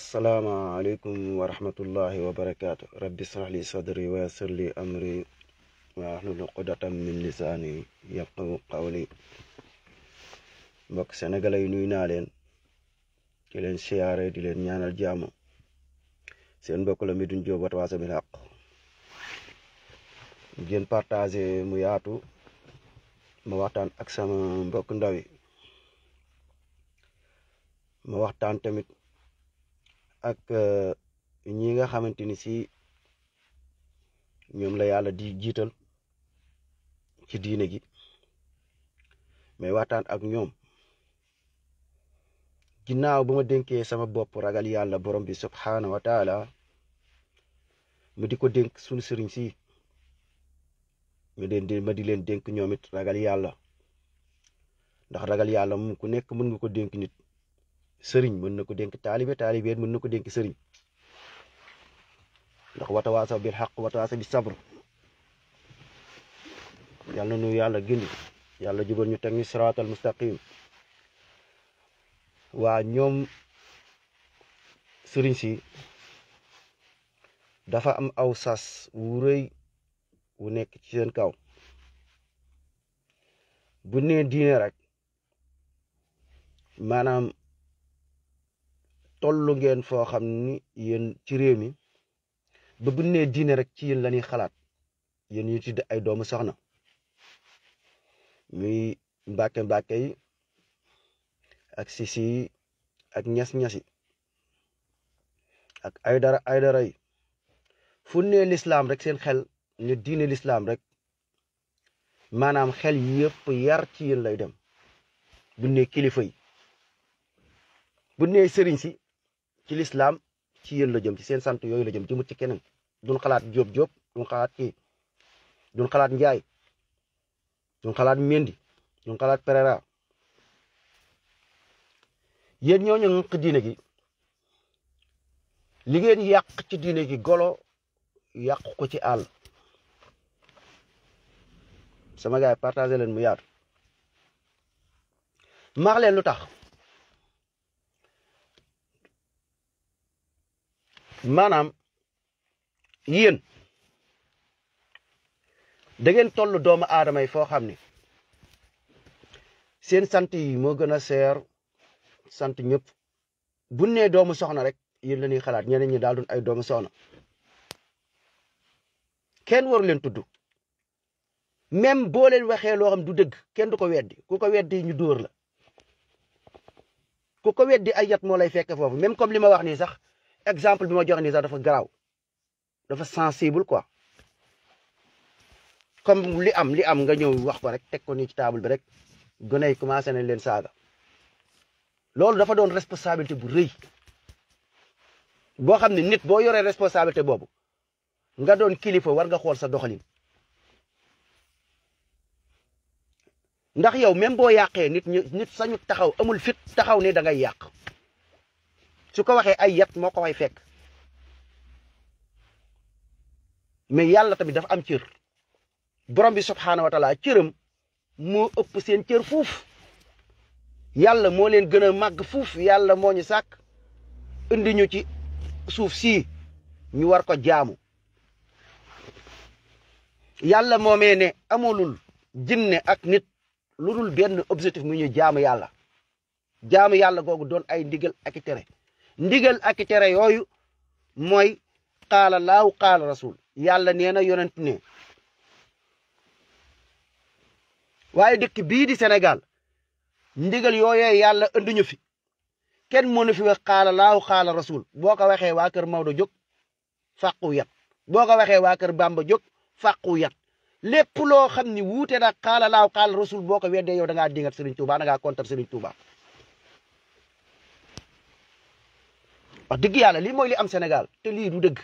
asalaamaaleykum wa rahmatullahi wa barakaatu rabbi srah li sadri wa yassir amri wa ahlul qudatan min lisaani yafqahu qawli mbokk sénégalais yi nuyu naa leen di leen siyaare di leen ñaanal jàmm seen mbokk la mi duñ jóob Watawasaw Haq ngeen partagé mu yaatu ma waxtaan ak sama mbokk ndaw ma waxtaan tamit ak euh, ñi nga xamante ni si ñoom la yàlla di jiital ci diine gi mais waxtaan ak ñoom ginnaaw bu ma denkee sama bopp ragal yàlla borom bi subhaana wa taala mu di ko dénk suñu sëriñ si ñu leen di ma di leen dénk ñoom it ragal yàlla ndax ragal yàlla moom ku nekk mën nga ko dénk nit sëriñ mën na ko dénk taalibe taalibe mën na ko dénk sëriñ ndax watawaasaw bil xaq watawaasaw bi sabr yàlla na nu yàlla gindi yàlla jubal ñu teg ñu siraatal mustaqim waa ñoom sëriñ si dafa am aw sas wu rëy wu nekk ci seen kaw bu nee diine rek maanaam tollu ngeen foo xam ni yéen ci réew mi ba bu nee diine rek ci yéen la ñuy xalaat yéen ñu ay doomu soxna ñuy mbàkke mbàkke yi ak sisi ak ñas ñasi ak ay dara ay dara yi fu nee lislaam rek seen xel ñu diine lislaam rek maanaam xel yëpp yar ci yéen lay dem bu nee kilifa yi bu nee sëriñ si ci lislaam ci yéen la jëm ci seen sant yooyu la jëm jëmut ci keneen duñ xalaat jóob jóob duñ xalaat kii duñ njaay duñ xalaat mendi duñ xalaat perera yéen ñooñu ngànq diine gi li ngeen yàq ci diine gi golo yàq ko ci àll sama gars yi leen mu yaatu maax leen lu tax maanaam yéen da ngeen toll doomu aadama yi foo xam ni seen sant yi moo gën a seer sant ñëpp bu nee doomu soxna rek yéen la ñuy xalaat ñeneen ñi daal duñ ay doomu soxna kenn waru leen tudd même boo leen waxee loo xam du dëgg kenn du ko weddi ku ko weddi ñu dóor la ku ko weddi ay yat moo lay fekke foofu même comme li ma wax nii sax. exemple bi ma joxe nii sax dafa garaaw dafa sensible quoi comme li am li am nga ñëw wax ko rek teg ko nii ci table bi rek gone yi commencé nañ leen saaga loolu dafa doon responsabilité bu rëy boo xam ne nit boo yoree responsabilité boobu nga doon kilifa war nga xool sa doxalin ndax yow même boo yàqee nit ñu nit sañu taxaw amul fit taxaw ne da ngay yàq. su ko waxee ay yat moo ko way fekk mais yàlla tamit dafa am cër borom bi subxanahu wa taala cëram moo ëpp seen cër fuuf yàlla moo leen gën a màgg fuuf yàlla moo ñu sàkk indi ñu ci suuf si ñu war ko jaamu. yàlla moomee ne amulul jinne ak nit lu dul benn objectif mu ñu jaamu yàlla jaamu yàlla googu doon ay ndigal ak i tere. ndigal ak tere yooyu mooy qaala laaw qaala rasul yàlla nee na yonent ne waaye dëkk bii di Sénégal ndigal yooyee yàlla anduñu fi kenn mënu fi wax xaala laaw xaala rasul boo ko waxee waa kër Maodo jóg fàqu yat boo ko waxee waa kër Bamba jóg fàqu yat lépp loo xam ni wuute na xaala laaw xaala rasul boo ko weddee yow da ngaa dingat Serigne Touba da ngaa kontar Serigne wax dëgg yàlla lii mooy li am senegal te lii du dëgg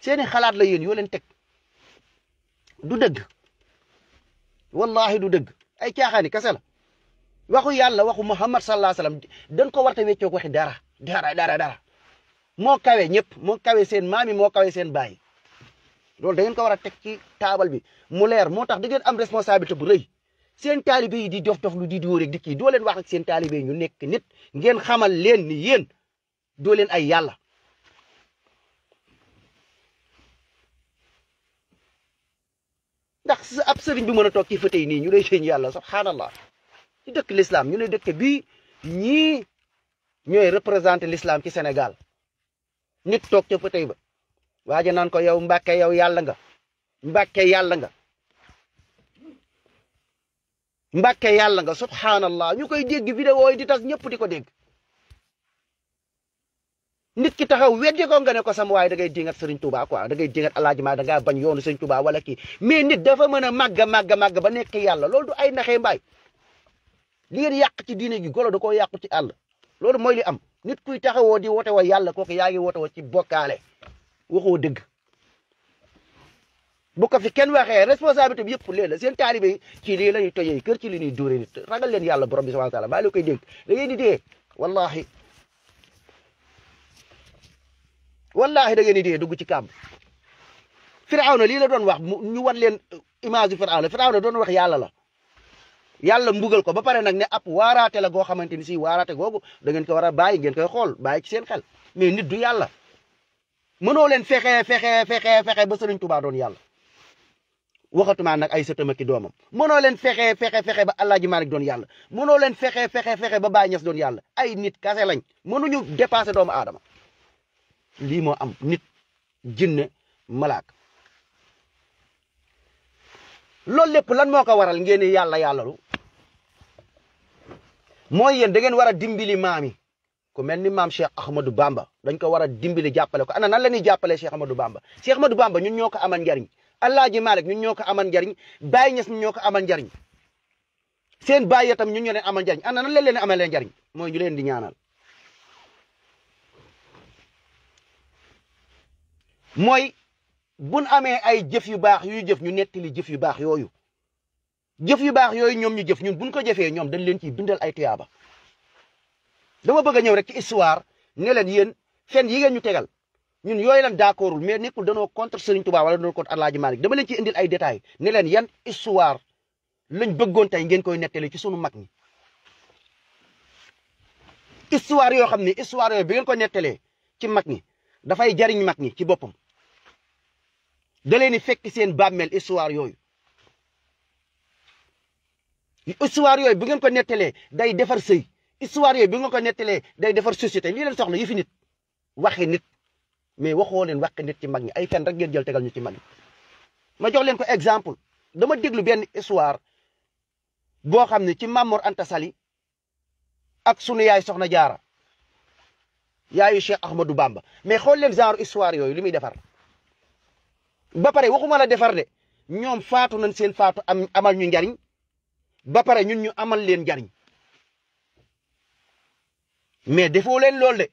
seeni xalaat la yéen yoole leen teg du dëgg wallahi du dëgg ay caaxaani kese la waxu yàlla waxu Muhammad sallallahu alayhi wa sallam dañ ko war a wéccoog waxi dara dara dara dara moo kawe ñëpp moo kawe seen maam yi moo kawe seen baay loolu da ngeen ko war a teg ci taabal bi mu leer moo tax da ngeen am responsabilité bu rëy. seen taalibe yi di dof dof lu di di rek di kii doo leen wax ak seen taalibe yi ñu nekk nit ngeen xamal leen ni yéen doo leen ay yàlla. ndax sa ab sëriñ bi mën a toog ci fëtëy nii ñu lay seen yàlla subhanallah ci dëkk l'islam ñu ne dëkk bii ñii ñooy représenté l'islam ci senegal nit toog ca ba waaja naan ko yow mbake yow yàlla nga mbake yàlla nga. mbàkke yàlla nga subhanallah ñu koy dégg vidéo yi di tas ñëpp di ko dégg nit ki taxaw weddi nga ne ko sam waaye da ngay dingat Serigne Touba quoi da ngay dingat Alaaji Ma da ngaa bañ yoonu Serigne Touba wala kii mais nit dafa mën a màgg màgg màgg ba nekk yàlla loolu du ay naxee mbaay li ngeen yàq ci diine gi golo da ko yàqu ci àll loolu mooy li am nit kuy taxawoo di wote wa yàlla kooku yaa ngi wote wa ci bokkaale waxoo dëgg bu ko fi kenn waxee responsabilité bi yëpp leen la seen taalibe ki ci la ñuy tojee kër ci li ñuy dóoree nit ragal leen yàlla borom bi subhanahu wa taala maa ngi koy dégg da ngeen di dee wallahi wallahi da ngeen di dee dugg ci kàmb firawna lii la doon wax ñu wan leen image yu firawna firawna doon wax yàlla la yàlla mbugal ko ba pare nag ne ab waaraate la goo xamante ni si waaraate googu da ngeen ko war a bàyyi ngeen koy xool bàyyi ci seen xel mais nit du yàlla mënoo leen fexe fexe fexe fexe ba Sëriñ Tuubaa doon yàlla waxatumaa nag ay sëtam ak i doomam mënoo leen fexe fexe fexe ba Alaaji Maalik doon yàlla mënoo leen fexe fexe fexe ba Baay Ñas doon yàlla ay nit kase lañ mënuñu dépasser doomu adama lii moo am nit jinne malaak loolu lépp lan moo ko waral ngeen yàlla yàllalu mooy yéen da ngeen war a dimbali maam yi ku mel ni maam Cheikh Ahmadou Bamba dañ ko war a dimbali jàppale ko ana nan la ñuy jàppalee du Ahmadou Bamba ma du Bamba ñun ñoo ko amal njariñ Alaaji Malick ñun ñoo ko amal njariñ Baye Niass ñun ñoo ko amal njariñ seen baay itam ñun ñoo leen amal njariñ ana nan leen leen amalee njariñ mooy ñu leen di ñaanal mooy buñ amee ay jëf yu baax yuy jëf ñu nettali jëf yu baax yooyu jëf yu baax yooyu ñoom ñu jëf ñun buñ ko jëfee ñoom dañ leen ci bindal ay tuyaaba dama bëgg a ñëw rek ci histoire ne leen yéen fen yi ngeen ñu tegal ñun yooyu lan d'accordul mais nekkul danoo contre Serigne Touba wala danoo contre Alaaji Malick dama leen ciy indil ay détails ne leen yan histoire lañ bëggoon tey ngeen koy nettali ci sunu mag ñi. histoire yoo xam ne histoire bi ngeen ko nettalee ci mag ñi dafay jariñ mag ñi ci boppam da di fekk seen bàmmeel histoire yooyu. histoire yooyu bi ngeen ko nettalee day defar sëy histoire yooyu bi ngeen ko nettalee day defar société lii leen soxla yëfi nit waxi nit. mais waxoo leen wàq nit ci mag ñi ay fen rek ngeen jël tegal ñu ci mag ma jox leen ko exemple dama déglu benn histoire boo xam ne ci Mamor Anta Sali ak sunu yaay soxna jaara yaayu Cheikh Ahmadou Bamba mais xool leen genre histoire yooyu li muy defar ba pare waxuma la defar de ñoom faatu nañ seen faatu am amal ñu njariñ ba pare ñun ñu amal leen njariñ mais defoo leen loolu de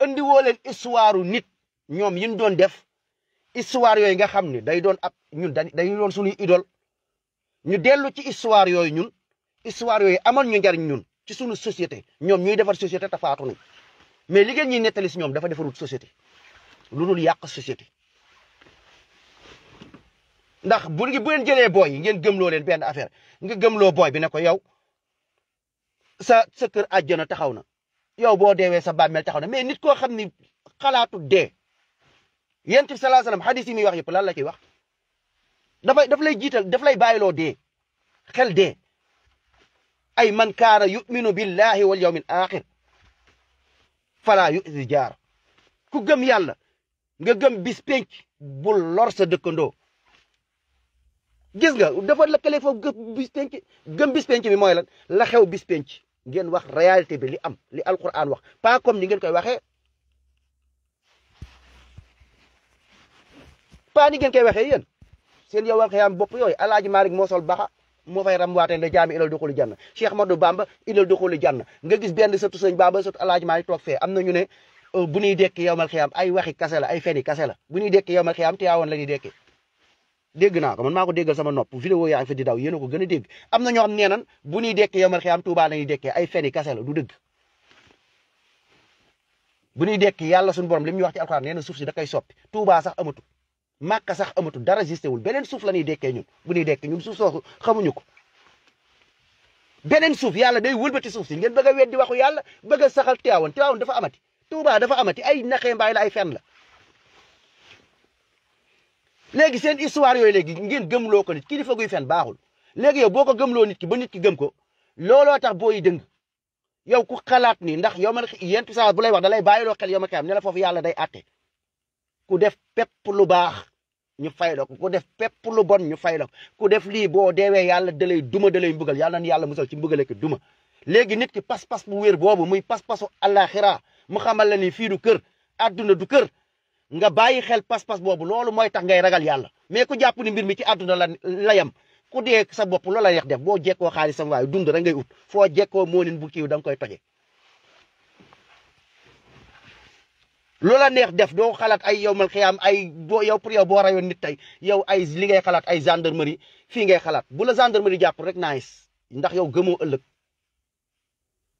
andi woo leen histoire nit ñoom yi doon def histoire yooyu nga xam ni day doon ab ñun dañu doon suñuy idole ñu dellu ci histoire yooyu ñun histoire yooyu amal ñu njariñ ñun ci sunu société ñoom ñuy defar société te faatu nañ mais li ngeen ñuy nettali si ñoom dafa defarul société lu dul yàq société. ndax bu ngi bu leen jëlee booy yi ngeen gëmloo leen benn affaire nga gëmloo booy bi ne ko yow sa sa kër àjjana taxaw na yow boo deewee sa bàmmeel taxaw na mais nit koo xam ni xalaatu dee. yonent bi sallallahu alayhi wasallam hadith yi muy wax yëpp lan la ciy wax dafay daf lay jiital daf lay bàyyiloo dee xel dee ay man kaana yu'minu billahi wal yawmil axir fala yu'zi jaar ku gëm yàlla nga gëm bis penc bul lor sa dëkkandoo gis nga dafa lëkkale foofu gëm bis penc gëm bis penc bi mooy lan la xew bis penc ngeen wax réalité bi li am li alquran wax pas comme ni ngeen koy waxee pas ni ngeen koy waxee yéen seen yow waxee am bopp yooyu alaaji Malick moo sol baxa moo fay ramwaatee le jaami ilal duxuli janna Cheikh Madou Bamba ilal duxuli janna nga gis benn satu sëñ Bamba sëtu alaaji Malick toog fee am na ñu ne euh, bu ñuy dekki yow mal xiyaam ay waxi kase la ay feni kase la bu ñuy dekki yow mal xiyaam Tiwaawan la ñuy dekki dégg naa ko man maa ko déggal sama nopp vidéo yaa ngi fi di daw yéen a ko gën a dégg am na ñoo nan bu ñuy dekki yow mal xiyaam Tuubaa la ñuy dekkee ay feni kase la du dëgg bu ñuy dekki yàlla suñu borom li mu wax ci alxuraan nee na suuf si da koy soppi a sax amatul màkka sax amatul dara existé wul beneen suuf la ñuy dekkee ñun bu ñuy dekke ñun suuf soosu xamuñu ko beneen suuf yàlla day wëlbati suuf si ngeen bëgg a weddi waxu yàlla bëgg a saxal Tiwaawan Tiwaawan dafa amati Tuubaa dafa amati ay naxee mbaay la ay fen la léegi seen histoire yooyu léegi ngeen gëmloo ko nit kilifa guy fen baaxul léegi yow boo ko loo nit ki ba nit ki gëm ko loo loo tax booy dëng yow ku xalaat ni ndax yow man yent saa bu lay wax da bàyyiloo xel yow ma xam ne la foofu yàlla day àtte ku def pepp lu baax ñu fay la ko ku def pépp lu bon ñu fay la ku def lii boo deewee yàlla dalay duma dalay bugal yàlla na yàlla musal ci mbugale ki duma. léegi nit ki pas-pas bu wér boobu muy pas-pasu àllaaxira mu xamal la ni fii du kër àdduna du kër nga bàyyi xel pas-pas boobu loolu mooy tax ngay ragal yàlla mais ku jàpp ni mbir mi ci àdduna la la yem ku dee sa bopp la neex def boo jekkoo xaalisam waaye dund rek ngay ut foo jekkoo moo leen bu kiiw da nga koy toje loola neex def doo xalaat ay yow mal xiyaam ay boo yow pour yow boo rayoon nit tey yow ay li ngay xalaat ay gendarmerie fii ngay xalaat bu la gendarmerie jàpp rek nice ndax yow gëmoo ëllëg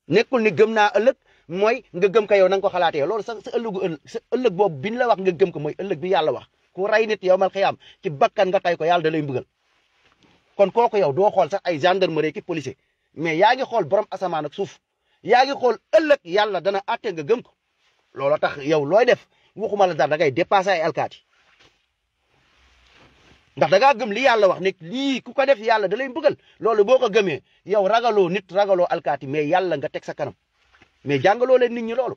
nekkul ni gëm naa ëllëg mooy nga gëm ko yow na ko xalaatee lool sa sa ëllëgu ëllëg sa ëllëg boobu bi ñu la wax nga gëm ko mooy ëllëg bi yàlla wax ku rey nit yow mal xiyaam ci bakkan nga tay ko yàlla da lay mbugal kon kooku yow doo xool sax ay gendarmerie ki policier mais yaa ngi xool borom asamaan ak suuf yaa ngi xool ëllëg yàlla dana àtte nga gëm ko loolu tax yow looy def waxuma la dara da ngay dépassé ay alkaati ndax da ngaa gëm li yàlla wax ne lii ku ko def yàlla dalay lay bëggal loolu boo ko gëmee yow ragaloo nit ragaloo alkaati mais yàlla nga teg sa kanam mais jàngaloo leen nit ñi loolu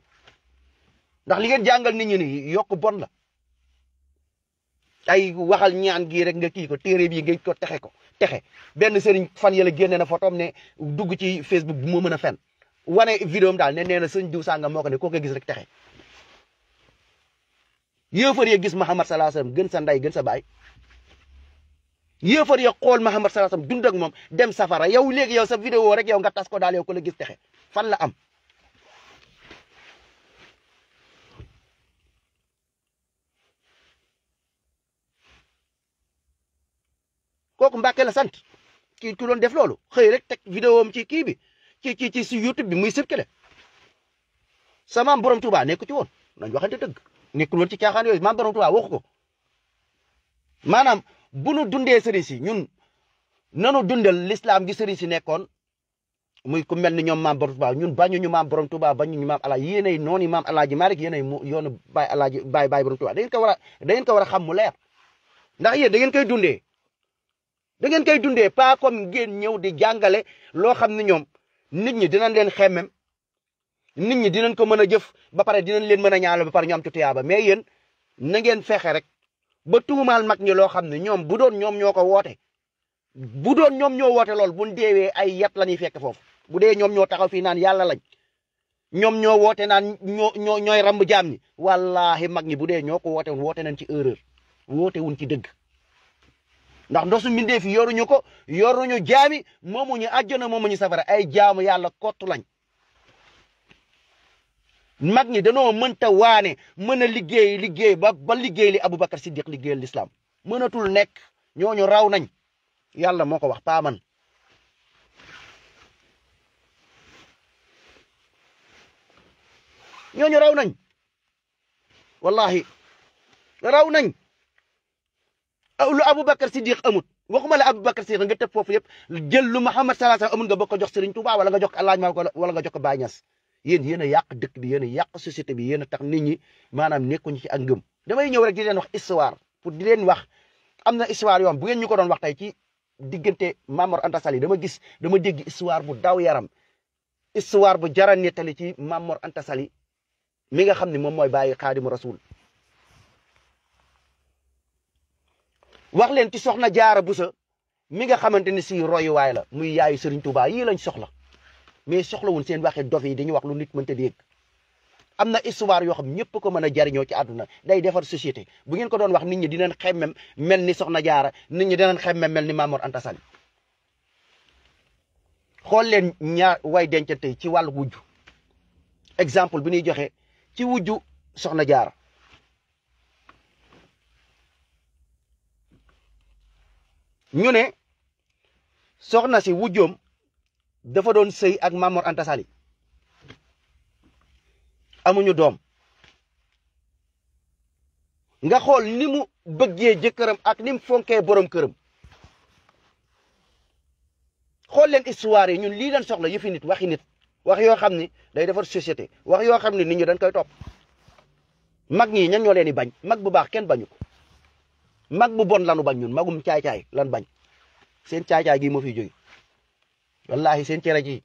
ndax li ngeen jàngal nit ñi ni yokk bon la ay waxal ñaan gii rek nga kii ko téere bii nga ko texe ko texe benn sëriñ fan yële génne na fotoom ne dugg ci Facebook bu ma mën a fen wane vidéo am daal ne nee na sëñ diw sàngam moo ko ne koo ko gis rek texe yéefar ya gis Muhammad sallallahu alayhi wasallam gën sa nday gën sa baay yéefar ya xool Muhammad sallallahu alayhi wasallam dund ak moom dem safara yow léegi yow sa vidéo rek yow nga tas ko daal yow ko la texe fan la am. kooku sant ki ki doon def loolu xëy rek teg vidéo am ci kii bi ki ci ci si YouTube bi muy circulé sama borom Tuubaa nekk ci woon nañ waxante dëgg. nekkul woon ci caaxaan yooyu maam borom Tuubaa waxu ko maanaam bu nu dundee sëriñ si ñun nanu dundal lislaam gi sëriñ si nekkoon muy ku mel ni ñoom maam borom Tuubaa ñun bañu ñu maam borom Tuubaa bañu ñu maam alaaj yéenay noonu maam alaaji Maalik yéenay mu yoonu baay alaaji baay baay borom Tuubaa da ngeen ko war ko war a xam mu leer ndax yéen da ngeen koy dundee da ngeen koy dundee pas comme ngeen ñëw di jàngale loo xam ne ñoom nit ñi dinañ leen xemmem nit ñi dinañ ko mën a jëf ba pare dinañ leen mën a ñaanal ba pare ñu am ci tuyaaba mais yéen na ngeen fexe rek ba tuumaal mag ñi loo xam ne ñoom bu doon ñoom ñoo ko woote bu doon ñoom ñoo woote lool bu deewee ay yat la ñuy fekk foofu bu dee ñoom ñoo taxaw fii naan yàlla lañ ñoom ñoo woote naan ñoo ñoo ñooy ramb jaam ñi wallaahi mag ñi bu dee ñoo ko woote woote nañ ci erreur woote wuñ ci dëgg. ndax ndosu mbindee fi yoruñu ko yoruñu jaami moomuñu moom ñu safara ay jaamu yàlla kottu lañ mag ñi danoo mënta waane mën a liggéey liggéey ba ba liggéey li Aboubacar Siddiq liggéeyal lislaam mënatul nekk ñooñu raw nañ yàlla moo ko wax paaman ñooñu raw nañ wallahi raw nañ ah, lu Aboubacar Siddiq amut waxuma la Aboubacar Siddiq nga tëb foofu yëpp jël lu Muhammad sallallahu alayhi wasallam amul nga bokk ko jox Serigne Touba wala nga jok ko El Hadj wala nga jox ko Baye Niass yéen yéen a yàq dëkk bi yéen a yàq société bi yéen a tax nit ñi maanaam nekkuñ ci ak ngëm damay ñëw rek di leen wax histoire pour di leen wax am na histoire yoo xam bu ngeen ñu ko doon wax tey ci diggante Mamor Anta Sali dama gis dama dégg histoire bu daw yaram histoire bu jara nettali ci Mamor Anta Sali mi nga xam ne moom mooy bàyyi xaadimu rasul wax leen ci soxna jaara busa mi nga xamante ni si royuwaay la muy yaayu Serigne Touba yii lañ soxla mais soxlawul seen waxe dof yi dañuy wax lu nit mënta dégg am na histoire yoo xam ñëpp ko mën a jariñoo ci àdduna day defar société bu ngeen ko doon wax nit ñi dinañ xemmem mel ni soxna jaara nit ñi dinañ xemmem mel ni Mamor Anta Sall xool leen ñaar way dencante ci wàllu wujj exemple bi ñuy joxe ci wujju soxna jaara ñu ne soxna si wujjoom dafa doon sëy ak Mamor Anta Sali amuñu doom nga xool ni mu bëggee jëkkëram ak ni mu fonkee borom këram xool leen histoire ñun lii leen soxla yëfi nit waxi nit wax yoo xam ni day defar société wax yoo xam ni nit ñi dañ koy topp mag ñi ña ñoo leen di bañ mag bu baax kenn bañu mag bu bon lanu bañ ñun magum caay-caay lan bañ seen caay-caay gi moo fi jóge wallahi seen cere ji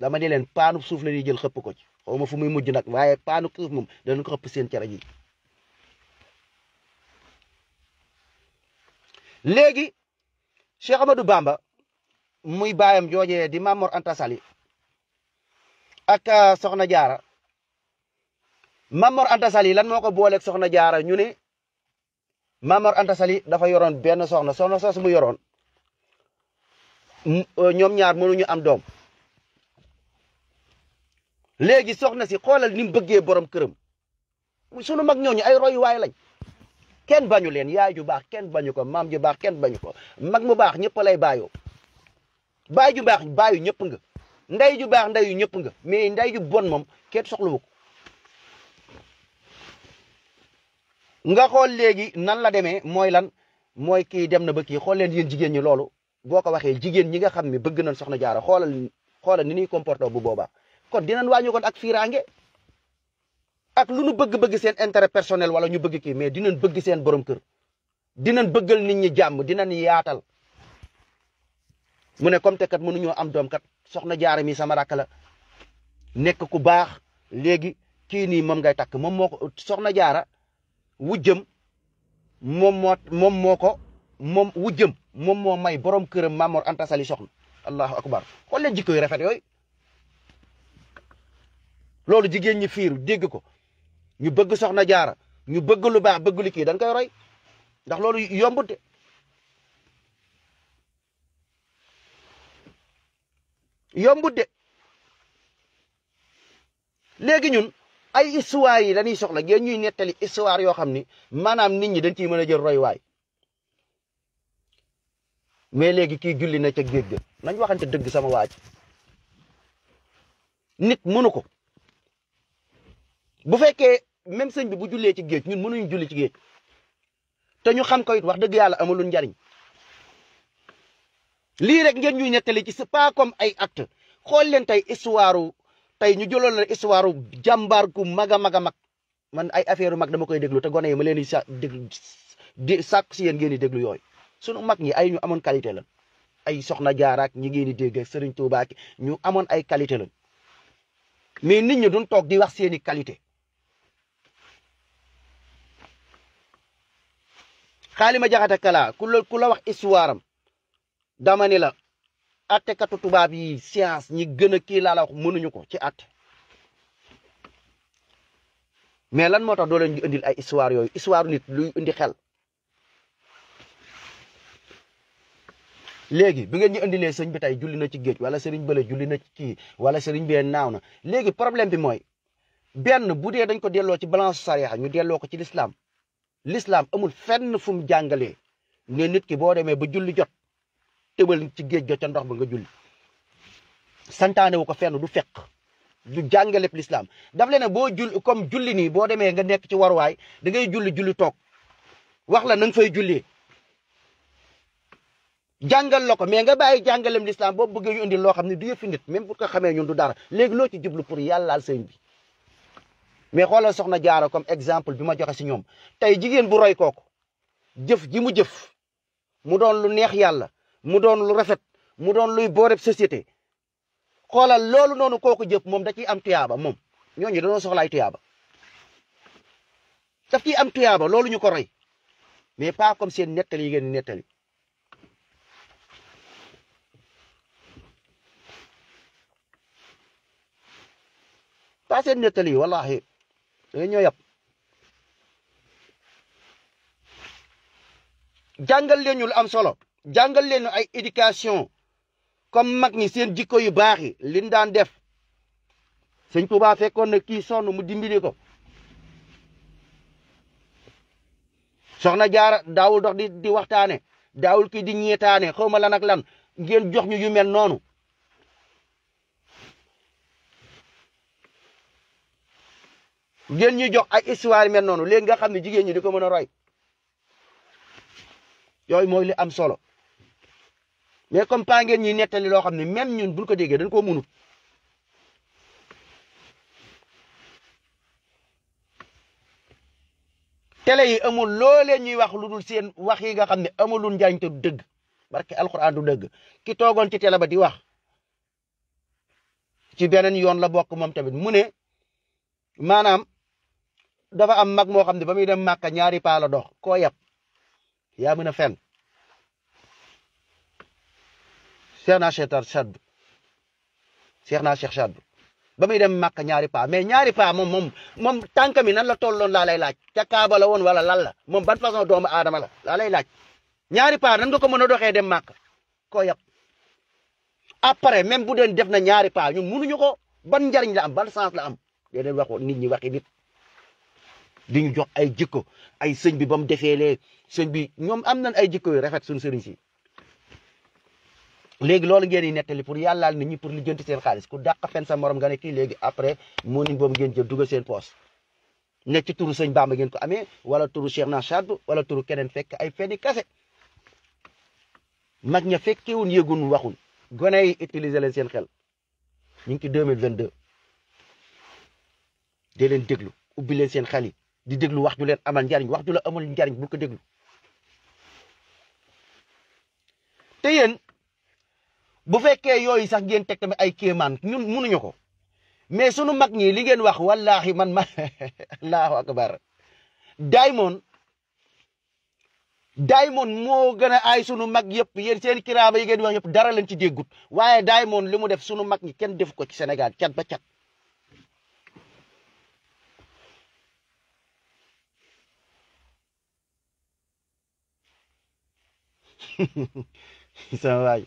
dama di leen paanub suuf la ñuy jël xëpp ko ci xaw fu muy mujj nag waaye paanub suuf moom danañ ko xëpp seen cere ji léegi Cheikh Amadou Bamba muy baayam joojee di Mamor Anta Sali ak euh, Soxna Jaara Mamor Anta Sali lan moo ko booleeg Soxna Jaara ñu ne Mamor Anta Sali dafa yoroon benn soxna soxna soos mu yoroon Euh, ñoom ñaar mënuñu am doom léegi soxna si xoolal ni mu bëggee borom këram sunu mag ñooñu ay royuwaay lañ kenn bañu leen yaay ju baax kenn bañu ko maam ju baax kenn bañu ko mag mu baax ñëpp lay bàyyoo baay ju baax baayu ñëpp nga ndey ju baax yu ñëpp nga mais ndey ju bon moom kenn soxlawu ko nga xool léegi nan la demee mooy lan mooy kii dem na ba kii xool leen yéen jigéen ñi loolu boo ko waxee jigéen ñi nga xam ne bëgg nañ soxna jaara xoolal xoolal ni ñuy comporté bu boobaa kon dinañ wàññi kon ak fiiraange ak lu nu bëgg-bëgg seen intérêt personnel wala ñu bëgg ki mais dinan bëgg seen borom kër dinañ bëggal nit ñi jàmm dinañ yaatal mu ne comme te kat mënuñoo am doom kat soxna jaara mi sama rakk nekk ku baax léegi kii nii moom ngay takk moom moo ko soxna jaara wujjëm moom moo moom moo ko moom wujjëm moom moo may borom këram Mamor Anta Sali soxna allahu akbar xool leen jikko yu rafet yooyu loolu jigéen ñi fiir dégg ko ñu bëgg na jaara ñu bëgg lu baax bëgg lu kii dañ koy roy ndax loolu yombute yombute léegi ñun ay histoire yi dañuy soxla ngeen ñuy nettali histoire yoo xam ni maanaam nit ñi dañ ciy mën a jël roy waay mais léegi kii julli na ca géej ga nañ waxante dëgg sama waaj nit mënu ko bu fekkee même sëñ bi bu jullee ci géej ñun mënuñu julli ci géej te ñu xam ko wax dëgg yàlla amulul njariñ lii rek ngeen ñuy nettali ci c'est pas comme ay acte xool leen tey histoire tey ñu jëloon la histoire jàmbaar ku mag a mag a mag man ay affaire mag dama koy déglu te gone yi ma leen di sa déglu di si yéen ngeen di déglu yooyu. sunu mag ñi ay ñu amoon qualité la ay soxna jaaraak ñi ngeen di dégg Serigne Touba ñu amoon ay qualité la mais nit ñu duñ toog di wax seeni qualité. xaalima jaxate kala ku la ku la wax histoire am dama ni la attekatu tubaab yi science ñi gën a kii laa la wax mënuñu ko ci at. mais lan moo tax doo leen di indil ay histoire yooyu histoire nit luy indi xel léegi bi ngeen ñu indilee sëñ bi tey julli na ci géej wala sëriñ bële julli na ci kii wala sëriñ bee naaw na léegi problème bi mooy benn bu dee dañ ko delloo ci balance sariya ñu delloo ko ci lislaam lislaam amul fenn fu mu jàngalee ne nit ki boo demee ba julli jot tëbal ci géej ga ca ndox ba nga julli santaane wu ko fenn du fekk du jàngale lislaam daf leen ne boo julli comme julli ni boo demee nga nekk ci waruwaay da ngay julli julli toog wax la na nga fay julli jàngal la ko mais nga bàyyi jàngalem lislaam boo bëggee ñu indi loo xam ne du yëfi nit même bu ko xamee ñun du dara léegi loo ci jublu pour yàllaal sëñ bi mais xoolal soxna jaaro comme exemple bi ma joxe si ñoom tey jigéen bu roy kooku jëf ji mu jëf mu doon lu neex yàlla mu doon lu rafet mu doon lu booreb société xoolal loolu noonu kooku jëf moom da ciy am tuyaaba moom ñoo ñu dañoo soxlaay tuyaaba daf ciy am tuyaaba loolu ñu ko roy mais pas comme seen nettali yi ngeen nettali taa seen nettali wallahi da ñoo yab jàngal leen lu am solo jàngal leen ay éducation comme mag ñi seen jikko yu baax yi liñ daan def sëñ Tuubaa fekkoon na kii sonn mu dimbali ko soxna jaara daawul dox di di waxtaane daawul kii di ñeetaane xaw ma lan ak lan ngeen jox ñu yu mel noonu ngeen ñuy jox ay histoire yu mel noonu léegi nga xam ne jigéen ñi di ko mën a roy yooyu mooy li am solo mais comme pas ngeen ñuy nettali loo xam ne même ñun buñ ko déggee dañ koo munut tele yi amul loo leen ñuy wax lu dul seen wax yi nga xam ne amulul njaañ te du dëgg barke alxuraan du dëgg ki toogoon ci télé ba di wax ci beneen yoon la bokk moom tamit mu ne maanaam dafa am mag moo xam ne ba muy dem màkka ñaari paa la dox koo yab yaa mën a fen seex naa seex Sadd ba muy dem màkka ñaari paa mais ñaari paa moom moom moom tànk nan la tolloon laa lay laaj ca Kaaba la woon wala lan la moom ban façon doomu aadama la laa lay laaj ñaari paa nan nga ko mën a doxee dem màkka koo yab après même bu deen def na ñaari pa ñun munuñu ko ban njariñ la am ban sens la am déedéet wax nit ñi di ñu jox ay jikko ay sëñ bi ba mu defee lee sëñ bi ñoom am nañ ay jikko yu rafet suñu sëriñ si léegi loolu ngeen di nettali pour yàllaal nit ñi pour li jënti seen xaalis ku dàq fen sa morom nga ne kii léegi après moo ni boobu ngeen jël dugal seen poos nekk ci turu sëñ Bamba ngeen ko amee wala tur Cheikh na Sadou wala turu keneen fekk ay fenni kase mag ña fekkewun yëgun waxun gone yi utiliser leen seen xel ñu ngi ci 2022 dee leen déglu ubbi seen xel yi di déglu wax ju leen amal njariñ wax ju la amul njariñ bul ko déglu te yen bu fekkee yooyu sax ngeen teg tamit ay kéemaan ñun munuñu ko mais sunu mag ñi li ngeen wax wallahi man ma allahu akbar daymon daymon moo gën a aay sunu mak yëpp yéen seen kiraama yi ngeen wax yëpp dara leen ci déggut waaye daymon li mu def sunu mag ñi kenn def ko ci Sénégal cat ba cat sama waay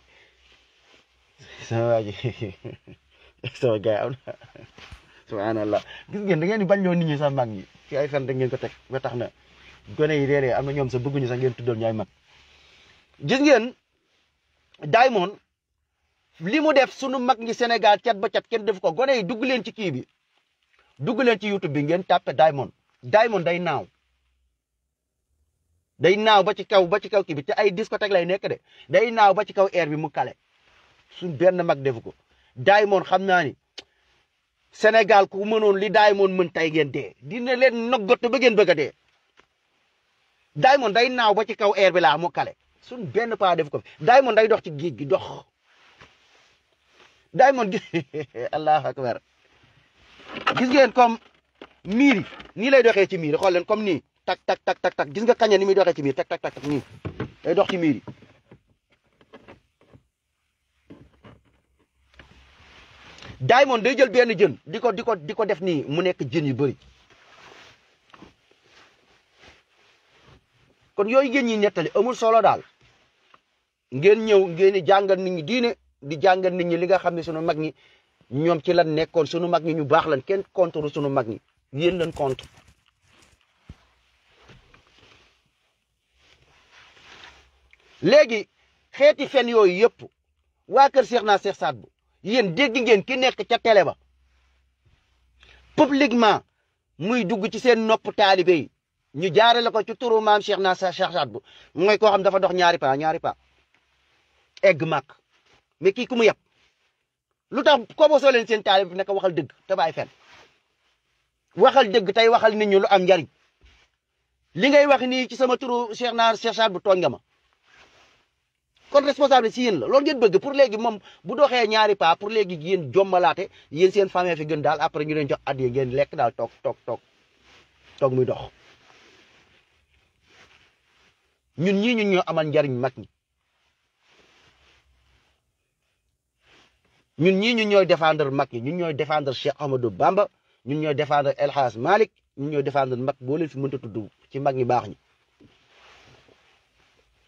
sama waay na subhanallah gis ngeen da ngeen di bañ loo nit ñi mag ñi ci ay fen da ko teg ba tax na gone yi déedéet am na ñoom sax bëgguñu sax ngeen tuddal ñaay mag gis ngeen Diamond li mu def sunu mag ñi senegal cat ba cat kenn def ko gone yi dugg leen ci kii bi dugg leen ci YouTube bi ngeen tàppe Diamond Diamond day naaw day naaw ba ci kaw ba ci kaw kii bi te ay discothèque lay nekk de day naaw ba ci kaw air bi mu kale suñ benn mag defu ko Diamond xam naa ni Sénégal ku mënoon li Diamond mën tey ngeen dee dina leen noggatu ba ngeen bëgg de dee Diamond day naaw ba ci kaw air bi laa mu kale suñ benn paa def ko fi day dox ci géej gi dox Diamond gis allahu akbar gis ngeen comme ni yi nii lay ci miir xool leen comme nii tak tak tak tak tak gis nga kaña ni muy doxee ci miir tak tak tak tak nii day dox ci miir yi diamond day jël benn jën di ko di ko di ko def nii mu nekk jën yu bëri kon yooyu ngeen ñi nettali amul solo daal ngeen ñëw ngeen di jàngal nit ñi diine di jàngal nit ñi li nga xam ne sunu mag ñi ñoom ci lan nekkoon sunu mag ñi ñu baax lan kenn contre sunu mag ñi yéen lan contre léegi xeeti fen yooyu yëpp waa kër Cheikh naa Cheikh Saad Bou yéen dégg ngeen ki nekk ca télé ba publiquement muy dugg ci seen nopp taalibe yi ñu jaarale ko ci turu maam Cheikh naa Cheikh Saad Bou mooy koo xam dafa dox ñaari pa ñaari pa egg màkk mais kii ku mu yab lu tax koobo soo leen seen taalibe bi naka waxal dëgg te bàyyi fen waxal dëgg tey waxal nit ñu lu am njariñ li ngay wax nii ci sama turu Cheikh naa Cheikh Saad Bou tooñ nga kon responsable si yéen la loolu ngeen bëgg pour léegi moom bu doxee ñaari pas pour léegi yéen jombalaate yéen seen famille fi gën daal après ñu leen jox at yi ngeen lekk daal toog toog toog toog muy dox ñun ñii ñun ñoo amal njariñ mag ñi ñun ñii ñun ñooy défendre mag ñi ñun ñooy défendre Cheikh Amadou Bamba ñun ñoo défendre El Hadj Malick ñun ñooy défendre mag boo leen fi mënta tudd ci mag ñi baax ñi.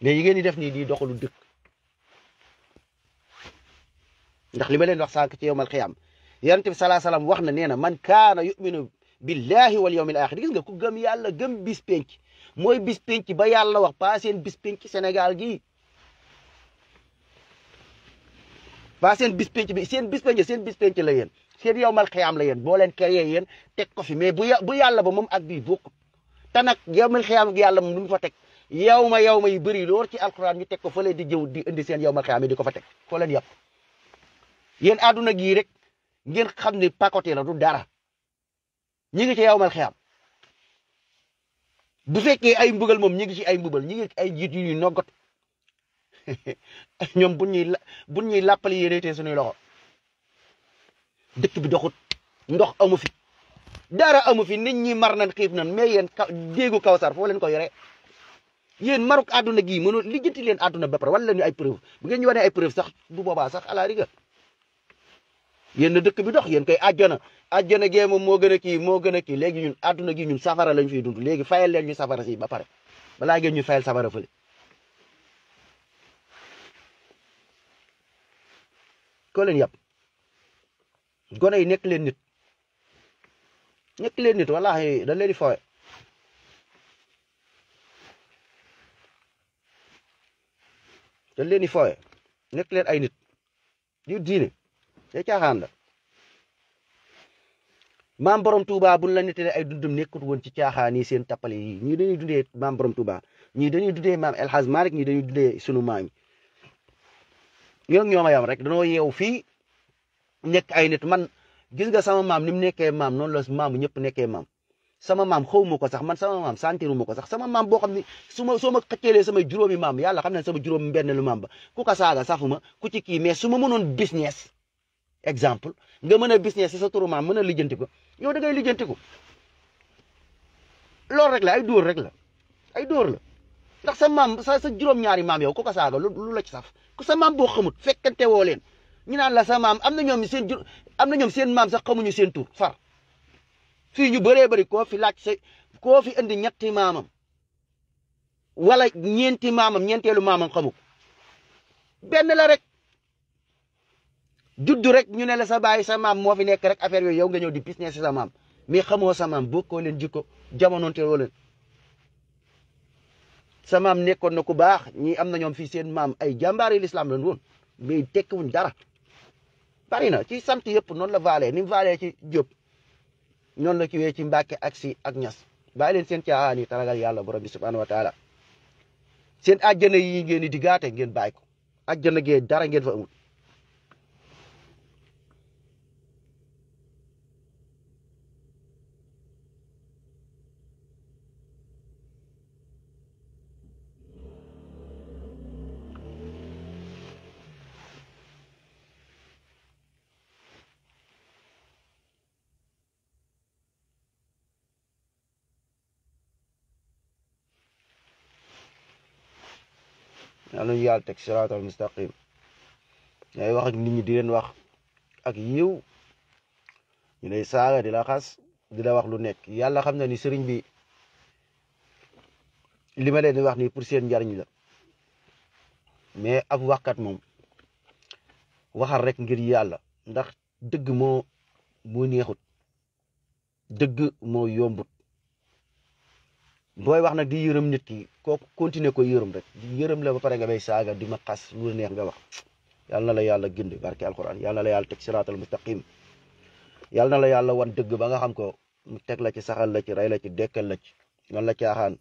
léegi ngeen di def nii di doxalu dëkk ndax li ma leen sànq ci yowmal xiyaam yonent bi salaa salaam wax na nee na man kaana yuminu billahi wal yawmil axir gis nga ku gëm yàlla gëm bis penc mooy bis penc ba yàlla wax pasen seen bis penc Sénégal gii pas seen bis penc bi seen bis penc seen bis penc la yéen seen yowmal xiyaam la yéen boo leen créé yéen ko fi mais bu bu yàlla ba moom ak bii bokk te nag yowmal xiyaam gi yàlla moom lu mu fa teg yow ma yow ma yu bëri lool ci alquran ñu tek ko fa leen di jëw di indi seen yowmal xiyaam yi di ko fa teg foo leen yéen àdduna gii rek ngeen xam ne pacoté la dara ñi ngi ci yawmal xiyaam bu fekkee ay mbugal moom ñi ngi ci ay mbugal ñi ngi ay jiit yu ñuy noggat ñoom bu ñuy bu ñuy làppali yéeneetee suñuy loxo bi doxut ndox amu fi dara amu fi nit ñi mar nañ xiif nañ mais yéen kaw déegu kawsar foo leen ko yore yéen maruk àdduna gii mënoo lijjanti leen àdduna ba pare wala ñu ay preuve bu ngeen ñu wane ay preuve sax du boobaa sax à yéen na dëkk bi dox yéen koy àjjana àjjana gee moom moo gën a kii moo gën ki kii léegi ñun àdduna gi ñun safara lañ fiy dund léegi fayal leen ñu safara si ba pare balaa ngeen ñu fayal safara fële. koo leen yàpp gone yi nekk leen nit nekk leen nit wallaahi dañ leen di foowe dañ leen di foowe nekk leen ay nit yu diine. day caaxaan la maam borom Touba buñ la nettalee ay dundum nekkut woon ci caaxaan yi seen tappale yi ñii dañuy dundee maam borom Touba ñii dañuy dundee maam El Hadj Malick ñii dañuy dundee sunu maam yi yam rek danoo yeew fii nekk ay nit man gis nga sama maam ni mu nekkee maam noonu la maamu ñëpp nekkee maam sama maam xaw mu ko sax man sama maam santiru ma ko sax sama maam boo xam ne su ma soo ma xëcceelee samay juróomi maam yàlla xam ne sama juróomi benn lu maam ba ku ci kii mais su ma mënoon business exemple nga mën a business si sa turu maam mën a lijjanti ko yow da ngay lijjanti ko loolu rek la ay dóor rek la ay dóor la ndax sa maam sa sa juróom maam yow ku ko saaga lu la ci saf ku sa maam boo xamut fekkante woo leen ñu naan la sa maam am na ñoom seen jur am na ñoom seen maam sax xamuñu seen tur far fii ñu baree bëri koo fi laaj sa koo fi indi ñetti maamam wala ñeenti maamam ñeenteelu maamam xamu benn la rek. juddu rek ñu ne la sa baay sa maam moo fi nekk rek affair yooy yow nga ñëw di business sa maam mais xamoo sa maam bokkoo leen jikko jamonoonte woo leen sa maam nekkoon na ku baax ñi am na ñoom fii seen maam ay jàmbaari lislam lañ woon mais tekkiwuñ dara bari na ci sant yëpp noonu la vaale ni mu vaale ci Diop noonu la ci wee ci Mbàkke ak si ak ñas bàyyi leen seen caaxaan yi taragal yàlla borom bi subhanahu wa taala seen àjjana yi ngeen di gaate ngeen baay ko àjjana gee dara ngeen fa amul yàlla nañu yàlla teg siraatal mustaqim ngay wax nit ñi di leen wax ak yiw ñu lay saaga di la xas di la wax lu nekk yàlla xam na ni sëriñ bi li ma leen di wax nii pour seen njariñ la mais ab waxkat moom waxal rek ngir yàlla ndax dëgg moo moo neexut dëgg moo yombut booy wax nag di yërëm nit ki kooku continuer ko yërëm rek di yërëm la ba pare nga bay saaga di ma xas lu neex nga wax yal na la yàlla gind barke alquran yal na la yàlla teg siraatal mustaqim yal na la yàlla wan dëgg ba nga xam ko mu teg la ci saxal la ci rey la ci dekkal la ci man la caaxaan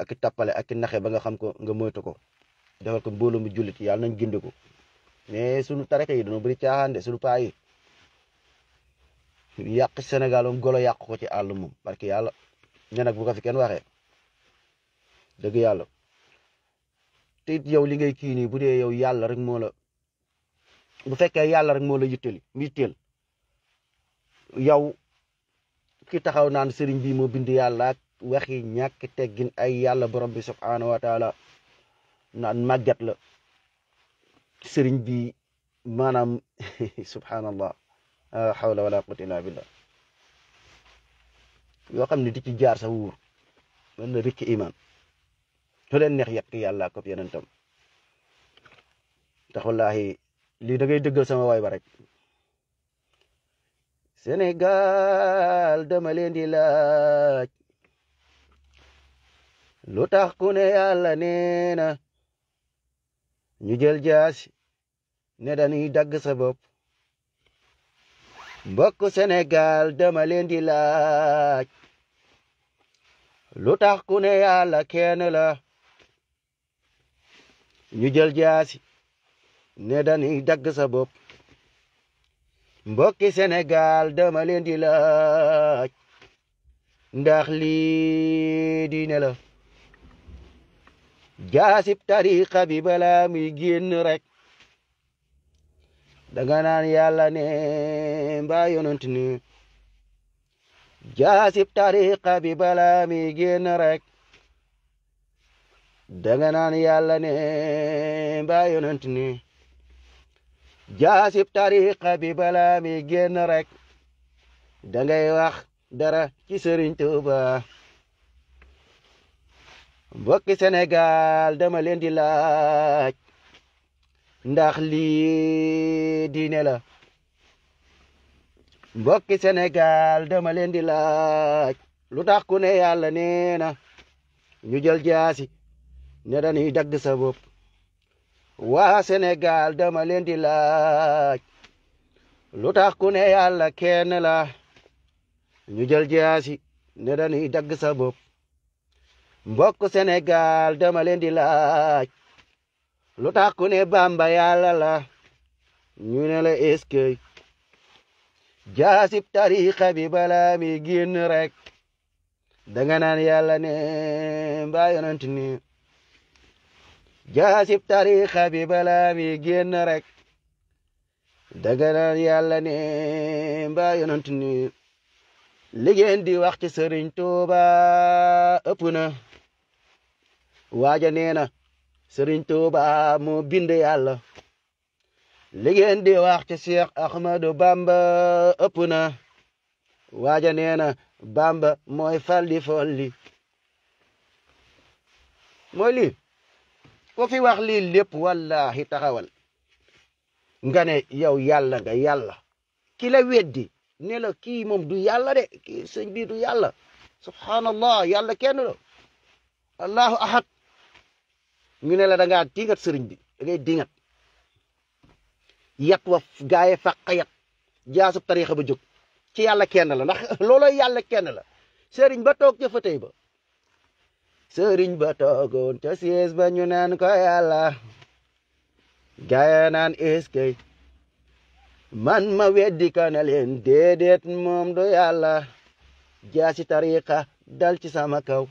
ak tappale ak i naxe ba nga xam ko nga moytu ko defal ko mbooloo mu julli jullit yàlla nañ gindi ko mais sunu tarika yi dañoo bëri caaxaan de sunu paa yi yàq Sénégal golo yàq ko ci àll moom barke yàlla. ne nag bu ko fi kenn waxee dëgg yàlla te it yow li ngay kii nii bu dee yow yàlla rek moo la bu fekkee yàlla rek moo la yitteel yitteel yow ki taxaw naan sëriñ bi moo bind yàlla ak waxi ñàkk teggin ay yàlla borom bi subhaanahu wa taala naan màggat la sëriñ bi maanaam subhaanallah la hawla wala la illa billah yoo xam ne di ci jaar sa wuur mën na rëcc iman su leen neex yàq yàlla ko yonentam tax wallaahi lii da ngay dëggal sama waay ba rek Sénégal dama di laaj lu tax ku ne yàlla nee na ñu jël jaas ne dañuy dagg sa bopp mbokk Sénégal dama leen di laaj lu tax ku ne yàlla kenn la ñu jël jaasi ne dañuy dagg sa bopp mbokki Sénégal dama leen di laaj ndax lii diine la jaasib tariqa bi balaa muy génn rek danga naan yàlla ne mbaa yonent ni jaasib tariqa bi balaa mi rek danga naan yàlla ne mbaa yonent ni jaasib tariqa bi balaa mi génn rek dangay wax dara ci Sëriñ Tuuba mbokki Sénégal dama leen di laaj ndax lii diine la mbokki Sénégal dama leen di laaj lu tax ku ne yàlla nee ñu jël jaasi ne dañuy dagg sa bopp waa Sénégal dama leen di laaj lu tax ku ne yàlla kenn la ñu jël jaasi ne dañuy dagg sa bopp mbokk Sénégal dama leen di laaj lu tax ku ne bamba yàlla la ñu ne la eskey jaasib tariqa mi génn rek danga naan yàlla ne mbaa yonent ni jaasib tariqa bi balaa mi génn rek danga naan yàlla ne mbaa yonent ni li di wax ci sëriñ Tuuba ëpp na waaja nee na sëriñ Tuuba mo bind yàlla li ngeen di wax ci Cheikh Ahmadou Bamba ëpp na waaja nee na Bamba mooy falli folli mooy lii ku fi wax lii lépp wallahi taxawal nga ne yow yàlla nga yàlla ki la weddi ne la kii du yàlla de kii sëñ du yàlla subhanallah yàlla kenn la allahu ahad ñu ne la danga ngaa sëriñ bi danga ngay diingat yat wa gaa yi yat jaasub tariixa ba jóg ci yàlla kenn la ndax loolooy yàlla kenn la sëriñ ba toog ca fëtëy ba sëriñ ba toogoon ca ba ñu ko yàlla gaa yi naan man ma weddi ka ne leen déedéet moom du yàlla dal ci sama kaw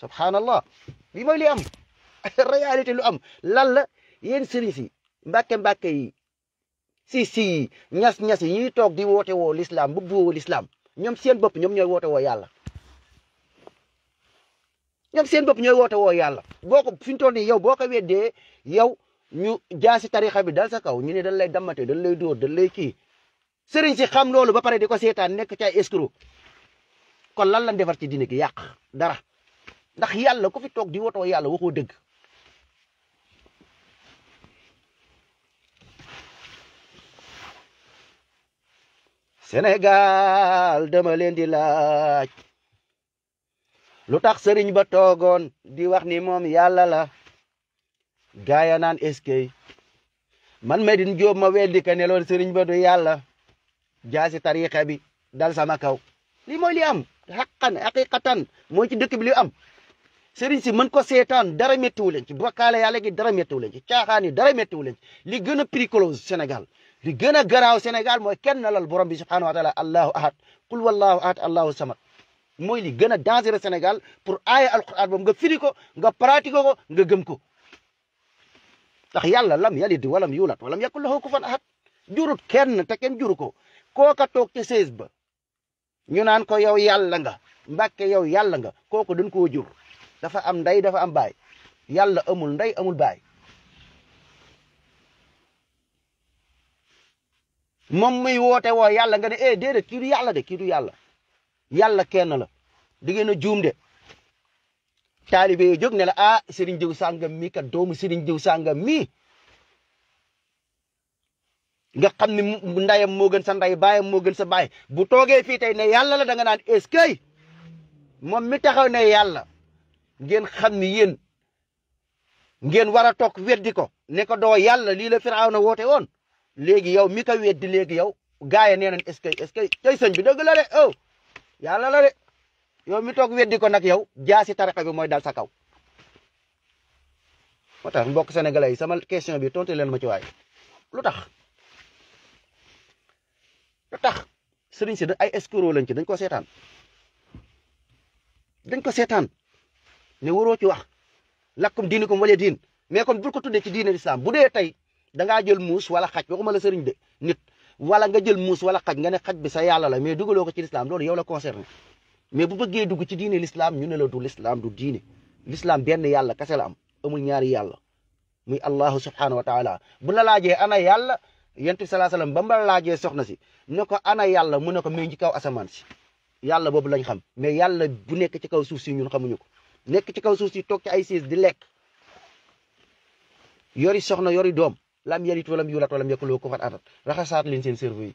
subhanallah bi mooy réalité lu am lan la yéen sëriñ si mbàkke mbàkke yi si si ñas ñas yi ñuy toog di woote woo lislaam bu buwoo lislaam ñoom seen bopp ñoom ñooy woote woo yàlla ñoom seen bopp ñooy woote woo yàlla boo ko fi ñu toll nii yow boo ko weddee yow ñu jaasi tarixa bi dal sa kaw ñu ne dañ lay dammate dañ lay dóor dañ lay kii sëriñ si xam loolu ba pare di ko seetaan nekk ci ay escroc kon lan lañ defar ci diine gi yàq dara ndax yàlla ku fi toog di wootoo yàlla waxoo dëgg Sénégal dama leen di laaj lu tax sëriñ ba toogoon di wax ni moom yàlla la gaaya naan eskey man Medine Diop ma weddi ka ne loon sëriñ ba du yàlla jaasi tariixa bi dal sama kaw li mooy li am xaqan xaqiqatan mooy ci dëkk bi li am sëriñ si man ko seetaan dara méttiwu leen ci bokkaale yàlla gi dara méttiwu leen ci caaxaan yi dara méttiwu leen ci li gën a pricolose Sénégal li gën a garaaw Sénégal mooy kenn nalal borom bi subhanahu wa taala allahu ahad qul wallahu ahad allahu samad mooy li gën a dangereux Sénégal pour aaya alquran boobu nga firi ko nga pratiqué nga gëm ko ndax yàlla lam yalid walam yulat walam yakul lahu kufan ahad jurut kenn te kenn juru ko kooka toog ca ba ñu naan ko yow yàlla nga mbàkke yow yàlla nga kooku dañ koo jur dafa am ndey dafa am baay yàlla amul ndey amul baay moom muy woote woo yàlla nga ne eh déedéet kii du yàlla de kii du yàlla yàlla kenn la di ngeen a juum de. taalibe yi jóg ne la ah Serigne Diw sàngam mi kat doomu Serigne Diw sàngam mi nga xam ni ndayam moo gën sa nday baayam moo gën sa baay bu tooge fii tey ne yàlla la danga naan est-ce que moom mi taxaw ne yàlla ngeen xam ni yéen ngeen war a toog weddi ko ne doo yàlla lii la Firawna woote woon. léegi yow mi ko weddi léegi yow gars yi nee nañ est-ce que est que tey sëñ bi dëgg la de oh yàlla la de yow mi toog weddi ko nag yow jaasi tariqa bi mooy dal sa kaw. moo tax mbokk senegal yi sama question bi tontu leen ma ci waay lu tax lu tax sëriñ si ay escroc lañ ci dañ ko seetaan dañ ko seetaan ne waroo ci wax lakkum diinikum wala diin mais kon bul ko tu tuddee ci diine lislaam bu dee tey. da jël muus wala xaj waxuma la sëriñ de nit wala nga jël muus wala xaj nga ne xaj bi sa yàlla la mais dugaloo ko ci lislaam loolu yow la concerné mais bu bëggee dugg ci diine lislaam ñu ne la du lislaam du diine lislaam benn yàlla kese la am amul ñaari yàlla muy allahu subhanahu wa taala bu la laajee ana yàlla yonent bi salaa salaam ba mu la laajee soxna si ne ko ana yàlla mu ne ko mi ci kaw asamaan si yàlla boobu lañ xam mais yàlla bu nekke ci kaw suuf si ñun xamuñu ko nekk ci kaw suuf si toog ci ay siis di lekk yori soxna yori doom lam yalit walam yulat walam yakul lahu ko ahad raxasaat leen seen cerveau yi.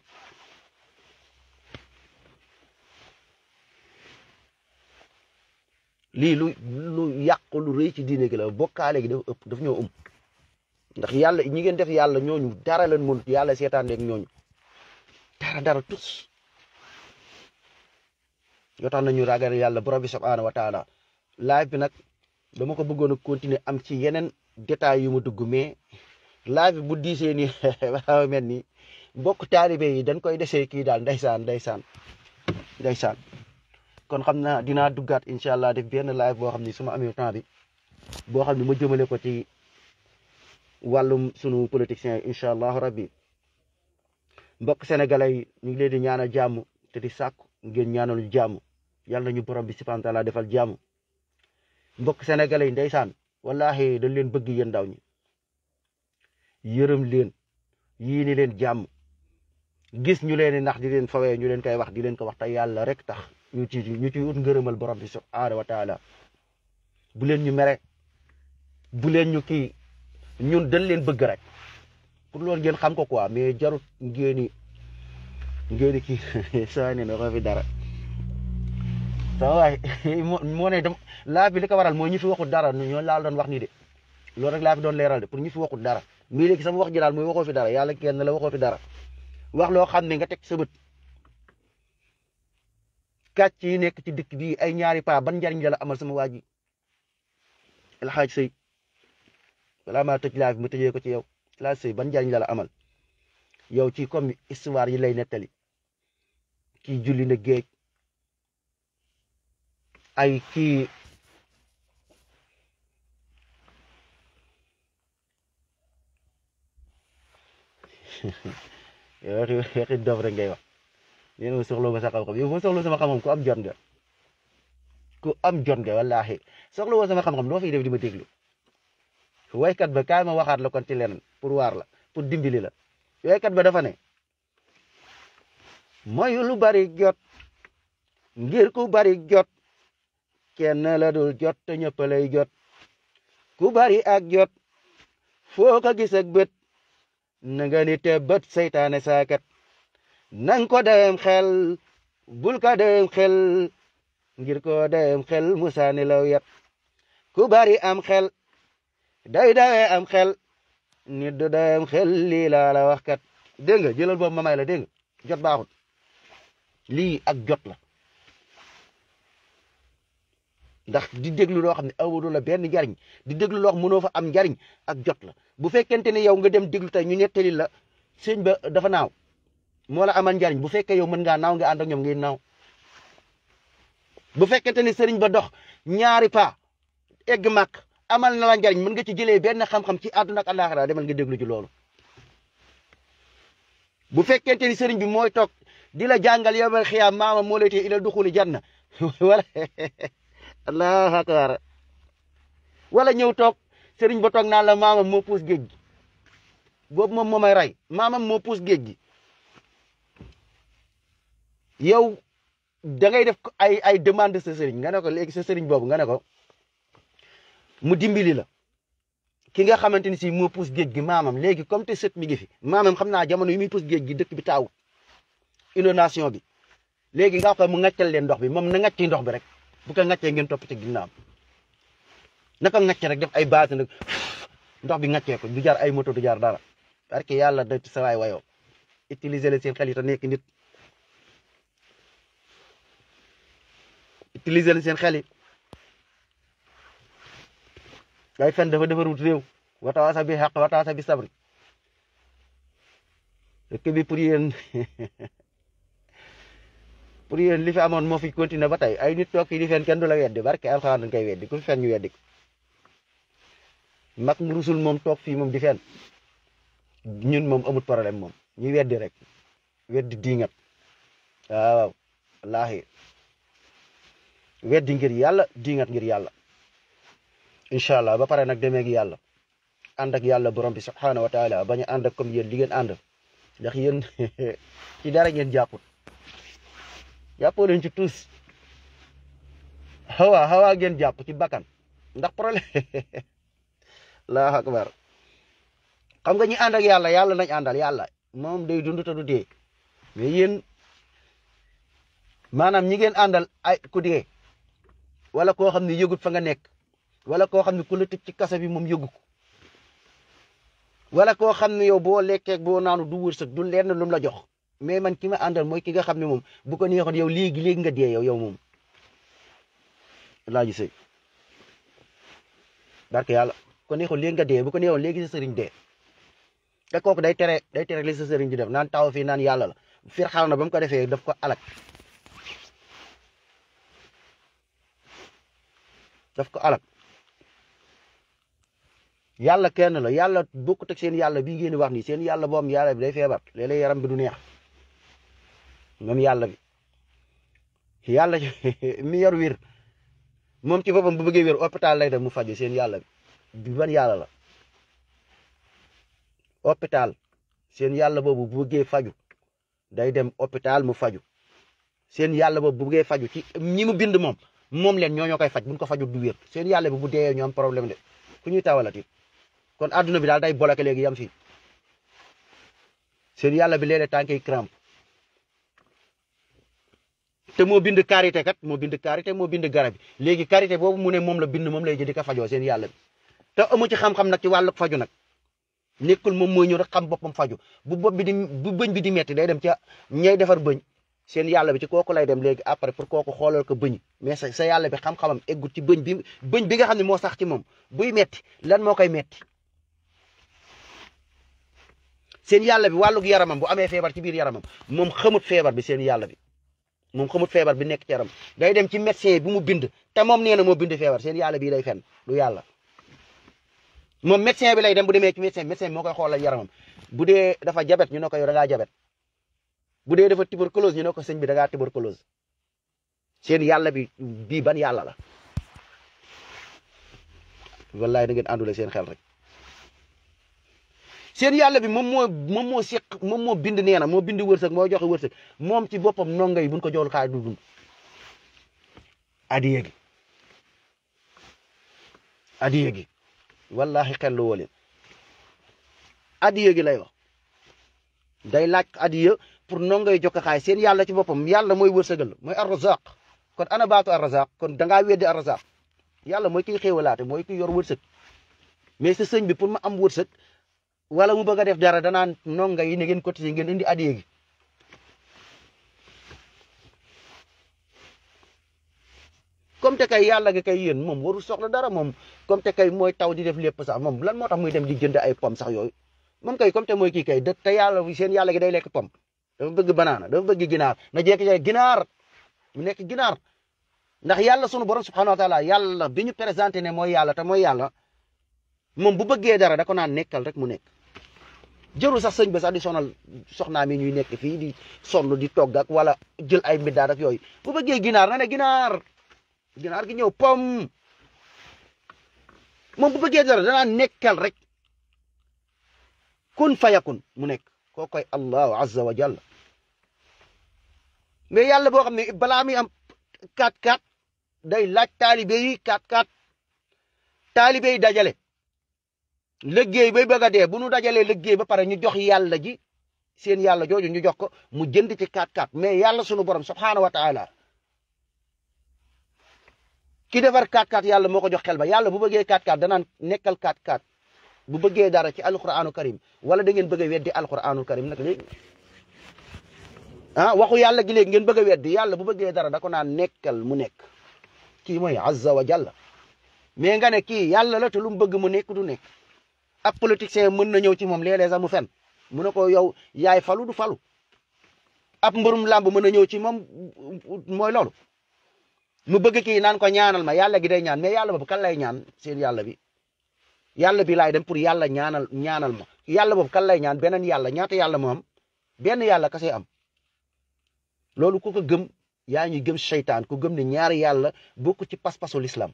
lii lu lu yàq lu ci diine gi la bokkaale gi dafa ëpp daf ñoo um ndax yàlla ñi ngeen def yàlla ñooñu dara leen mën yàlla seetaan ak ñooñu dara dara tus yoo tax nañu ragal yàlla borom bi subhaana wa taala live ko bëggoon a continuer am ci yeneen détails yu ma dugg laaj bu diisee nii waaw mel ni bokk taalibe yi dañ koy desee kii daal ndeysaan ndeysaan ndeysaan kon xam naa dinaa duggaat incha allah def benn live boo xam ni suma ma amee bi boo xam ni ma jëmale ko ci wàllum sunu politiciens yi incha allahu rabbi mbokk sénégalais yi ñu ngi leen di ñaanal jàmm te di sàkku ngeen ñaanal jàmm yàlla ñu borom bi subhanahu wa taala defal jàmm mbokk sénégalais yi ndeysaan wallahi dañ leen bëgg yéen ndaw ñi yërëm leen yii ni leen jàmm gis ñu leen ndax di leen fawee ñu leen koy wax di leen ko wax te yàlla rek tax ñu ci ñu ci ngërëmal borom bi subhaanahu wa taala bu leen ñu mere bu leen ñu kii ñun dañ leen bëgg rek pour loolu ngeen xam ko quoi mais jarut ngeeni ngeeni kii saa ne na ko fi dara sama waay moo ne dama laa bi li ko waral mooy ñu fi waxul dara ñoo laal doon wax nii de loolu rek laa fi doon leeral de pour ñu fi waxul dara muy léegi sama wax ji daal mooy wa fi dara yàlla kenn la waxoo fi dara wax loo xam ne nga teg sa bët kàcc yi nekk ci dikk bi ay ñaari paa ban njariñ amal sama waa ji El Hadj Seye balaa maa tëj laa fi ma tëjee ko ci yow El Hadj Seye ban amal yow ci comme lay nettali kii julli na géej ay kii waxi waxi dof rek ngay wax nee na ma soxla ma sa xam-xam yow boo soxla sama jot nga ku soxla woo sama xam doo fiy def di ba kaay ma waxaat la kon ci leneen pour waar la pour dimbali la waykat ba dafa ne mooy lu bari jot ngir ku bari jot kenn la dul jot te ñëpp lay jot ku bari ak jot foo ko gis ak na nga li tebbat seytaane saakat nang ko dem xel bul ko dem xel ngir ko dem mu musaani la yat ku bari am xel day dawe am xel nit du dem xel lii laa la wax kat dégg nga jëlal ma may la dégg jot baaxut lii ak jot la ndax di déglu loo xam ne awalu la benn njariñ di déglu loo xam mënoo fa am njariñ ak jot la bu fekkente ne yow nga dem déglu tey ñu nettali la sëñ ba dafa naaw moo la amal njariñ bu fekkee yow mën ngaa naaw nga ànd ak ngay naaw bu fekkente ne sëriñ ba dox ñaari pa egg màkk amal na la njariñ mën nga ci jëlee benn xam-xam ci àdduna ak àllaaxira demal nga déglu ci loolu bu fekkente ni sëriñ bi mooy toog di la jàngal yow ba xiyaam maama moo lay tee ila duxuli janna allahu akbar wala ñëw toog sëriñ bo toog naan la maamam moo puus géej gi boobu moom moo may rey maamam moo puus géej gi yow da ngay def ay ay demande sa sëriñ nga ne ko léegi sa sëriñ boobu nga ne ko mu dimbili la ki nga xamante ni si moo puus géej gi maamam léegi comme te sët mi ngi fi maamam xam naa jamono yi muy puus géej gi dëkk bi taaw inondation bi léegi nga wax ko mu ngaccal leen ndox bi moom na ngacci ndox bi rek bu ko ngàccee ngeen topp ci na naka ngàccee rek def ay baat nag ndox bi ngàccee ko du jaar ay moto du jaar dara parce que yàlla da ci sa waay wayoo utiliser leen seen xel yi te nekk nit utiliser leen seen xel yi ay fen dafa defarut réew watawaasa bi xaq watawaasa bi sabri dëkk bi pour yéen pour yéen li fi amoon moo fi continuer ba tey ay nit toog fii di fen kenn du la weddi barke alxuraan dañ koy weddi ku fi fen ñu weddi ko mu rusul moom toog fii moom di fen ñun moom amut problème moom ñu weddi rek weddi diingat waaw wallaahi weddi ngir yàlla diingat ngir yàlla incha allah ba pare nag demee gi yàlla ànd ak yàlla borom bi subhaanahu wa taala bañ a ànd ak comme yéen ngeen ànd ndax yéen dara ngeen jàpput jàppoo leen ci tuus xawaa xawaa ngeen jàpp ci bakkan ndax problème allahu akbar xam nga ñi ànd ak yàlla yàlla nañ àndal yàlla moom day dund te du dee mais yéen maanaam ñi ngeen àndal ay ku dee wala koo xam ne yëgut fa nga nekk wala koo xam ne ku la tëj ci kasa bi moom yëgu ko wala koo xam ne yow boo lekkee boo naanu du wërsëg du lenn lum la jox mais man ki ma àndal mooy ki nga xam ne moom bu ko neexoon yow léegi léegi nga dee yow yow moom laa se barke yàlla bu ko neexoon léegi nga dee bu ko neexoon léegi sa sëriñ dee te kooku day tere day tere le sa sëriñ di def naan taw fii naan yàlla la fir xaal na ba mu ko defee daf ko alak daf ko alak yàlla kenn la yàlla bokkut ak seen yàlla bii ngeen di wax seen yàlla boom yàlla bi day feebar léeg-léeg yaram bi du neex. moom yàlla bi yàlla mi yor wér moom ci boppam bu bëggee wér hopital lay dem mu faju seen yàlla bi ban yàlla la hôpital seen yàlla boobu bu bëggee faju day dem hôpital mu faju seen yàlla boobu bu bëggee faju ci ñi mu bind moom moom leen ñoo ñoo koy faj buñ ko faju du wér seen yàlla bi bu dee ñoo am problème de ku ñuy tawalati kon adduna bi daal day bloqué léegi yam fii seen yàlla bi léeg-léeg tànk yi crampe te moo bind karité kat moo bind karité moo bind garab léegi karité boobu mu ne moom la bind moom lay jënd di ko fajoo seen yàlla bi te amu ci xam-xam nag ci wàllu faju nag nekkul moom mooy ñëw rek xam boppam faju bu bopp bi di bu bëñ bi di metti day dem ca ñay defar bëñ seen yàlla bi ci kooku lay dem léegi après pour kooku xoolal ko bëñ mais sa sa yàlla bi xam-xamam eggut ci bëñ bi bëñ bi nga xam ne moo sax ci moom buy metti lan moo koy metti seen yàlla bi wàllug yaramam bu amee feebar ci biir yaramam moom xamut feebar bi seen yàlla bi moom xamut feebar bi nekk ci yaram day dem ci médecin bi mu bind te moom nee na moo bind feebar seen yàlla bii lay fen du yàlla moom médecin bi lay dem bu demee ci médecin médecin moo koy xoolal yaramam bu dee dafa jabet ñu ne ko yow jabet bu dee dafa tuberculose ñu ne ko sëñ bi da ngaa tuberculose seen yàlla bi bii ban yàlla la wallaay da ngeen àndule seen xel rek seen yàlla bi moom moo moom moo seq moom moo bind nee na moo bind wërsëg moo joxe wërsëg moom ci boppam ndongo yi buñ ko joxul xaalis du dund adiya gi adiya gi wallahi xel woo leen adiya gi lay wax day laaj adiya pour ndongo yu joxe xaalis seen yàlla ci boppam yàlla mooy wërsëgal mooy arrazaq kon ana baatu arrazaq kon da ngaa weddi arrazaq yàlla mooy kiy xéewalaate mooy kiy yor wërsëg mais sa sëñ bi pour ma am wërsëg wala mu bëgg def dara danaan ndongo yi ne ngeen cotiser ngeen indi addiya gi comme te kay yàlla ga kay yéen moom waru soxla dara moom comme te kay mooy taw di def lépp sax mom lan moo muy dem di jënd ay pom sax yooyu moom kay comme te mooy kii kay da te yàlla seen yàlla gi day lekk pom dafa bëgg banaana dafa bëgg ginaar na jékki-jékki ginaar mu nekk ginaar ndax yàlla sunu borom subhanahu wa taala yàlla bi ñu présenté ne mooy yàlla te mooy yàlla. moom bu bëggee dara da ko naan nekkal rek mu nekk jëru sax sëñ ba sax di sonal soxnaam yi ñuy nekk fii di sonn di togg ak wala jël ay mbiddaat ak yooyu bu bëggee ginaar na ne ginaar ginaar gi ñëw pom moom bu bëggee dara danaa nekkel rek kun fayakun mu nekk koo koy allahu azza wa jalla mais yàlla boo xam ne balaa muy am 4-4 day laaj taalibe yi 4-4 taalibe dajale liggéey bay ba a dee bu nu dajalee liggéey ba pare ñu jox yàlla ji seen yàlla jooju ñu jox ko mu jënd ci 4-4 mais yàlla sunu borom subhaana wa taala ki defar 4-4 yàlla moo ko jox xel ba yàlla bu bëggee 4-4 danaan nekkal 4-4 bu bëggee dara ci alquranu karim wala da ngeen bëgg a weddi alquranu karim nag léegi ah waxu yàlla gi léegi ngeen bëgg a weddi yàlla bu bëggee dara da ko naan nekkal mu nekk kii mooy azza wa jalla mais nga ne kii yàlla la lu mu bëgg mu nekk nekk. ak politicien mën na ñëw ci moom léeg-léeg sax mu fen mu ne ko yow yaay falu du falu ab mbërum làmb mën na ñëw ci moom mooy loolu mu bëgg ki naan ko ñaanal ma yàlla gi day ñaan mais yàlla boobu kan lay ñaan seen yàlla bi yàlla bi laay dem pour yàlla ñaanal ñaanal ma yàlla boobu kan lay ñaan beneen yàlla ñaata yàlla moo am benn yàlla kase am loolu ku ko gëm yaa ngi gëm seytaan ku gëm ne ñaari yàlla bokk ci pas-pasu l'islam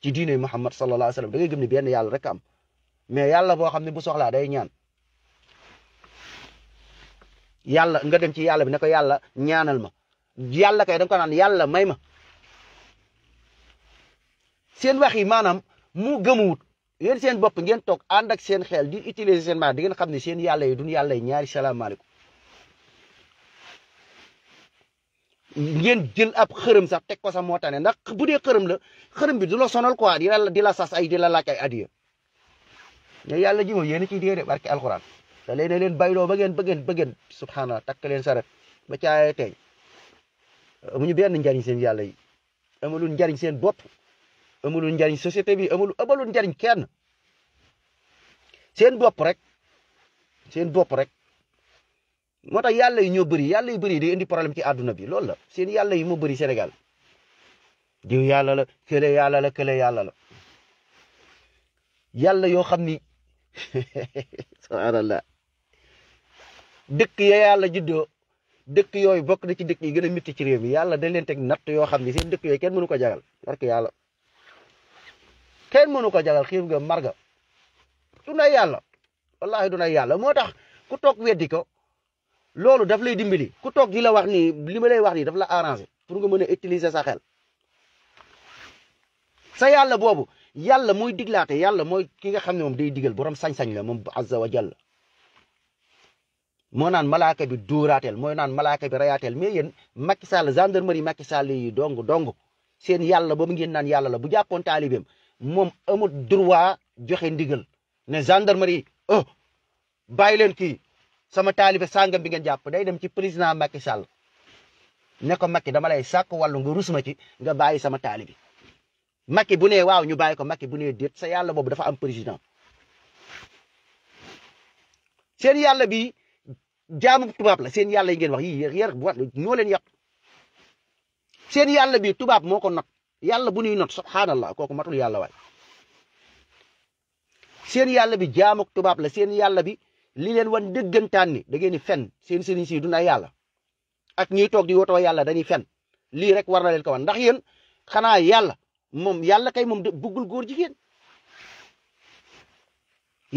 ci diine Muhammad sallallahu alayhi wa sallam da ngay gëm ne benn yàlla rek am. mais yàlla boo xam ne bu soxlaa day ñaan yàlla nga dem ci yàlla bi ne ko yàlla ñaanal ma yàlla kay da nga ko naan yàlla may ma seen wax yi maanaam mu gëmuwut yéen seen bopp ngeen toog ànd ak seen xel di utiliser seen maanaam di xam ne seen yàlla yi duñ yàlla yi ñaari salaamaaleykum ngeen jël ab xërëm sax tek ko sax moo tax ne ndax bu dee xërëm la xërëm bi du la sonal quoi di la di la sas ay di la laaj ay adiya ne yàlla ji moom yéen a ciy diggante barke alxuraan da leen leen bayloo ba ngeen bëggeen bëggeen subhanallah takk leen saret ba caayee teeñ amuñu benn njariñ seen yàlla yi amulul njariñ seen bopp amulul njariñ société bi amul amalul njariñ kenn seen bopp rek seen bopp rek moo tax yàlla yi ñoo bëri yàlla yi bëri day indi problème ci àdduna bi loolu la seen yàlla yi moo bari Sénégal diw yàlla la kële yàlla la kële yàlla la yàlla yoo xam ni subhaanallah dëkk ya yàlla juddoo dëkk yooyu bokk na ci dëkk yi gën a métti ci réew mi yàlla dañ leen teg natt yoo xam ne seen dëkk yooyu kenn mënu ko jagal parce que yàlla kenn mënu ko jagal xiif nga marga du nay yàlla wallahi du nay yàlla moo tax ku toog weddi ko loolu daf lay dimbali ku toog di la wax nii li ma lay wax daf la arrangé pour nga mën a utiliser sa xel yàlla boobu yàlla mooy diglaate yàlla mooy ki nga xam ne moom day digal borom sañ-sañ la moom azza wa jalla moo naan malaaka bi duuraateel mooy naan malaaka bi rayaateel mais yéen Macky Sall gendarmerie Macky Sall yi dong dong seen yàlla ba mu ngeen naan yàlla la bu jàppoon taalibeem moom amul droit joxe ndigal ne gendarmerie oh bàyyi leen kii sama taalibe sàngam bi ngeen jàpp day dem ci président Macky Sall ne ko Macky dama lay sàkk wàllu nga rus ma ci nga bàyyi sama taalibe Macky bu nee waaw ñu bàyyi ko makki bu nee déet sa yàlla boobu dafa am président seen yàlla bi jaamu tubaab la seen yàlla yi ngeen wax yi ñoo leen yàq seen yàlla bi tubaab moo ko not yàlla bu ñuy not subhanallah kooku matul yàlla waay seen yàlla bi jaamu tubaab la seen yàlla bi li leen wan dëggantaan ni da ngeen di fen seen sëriñ si na yàlla ak ñiy toog di woto yàlla dañuy fen lii rek war na leen ko wan ndax yéen xanaa yàlla moom yàlla kay moom buggul góor jigéen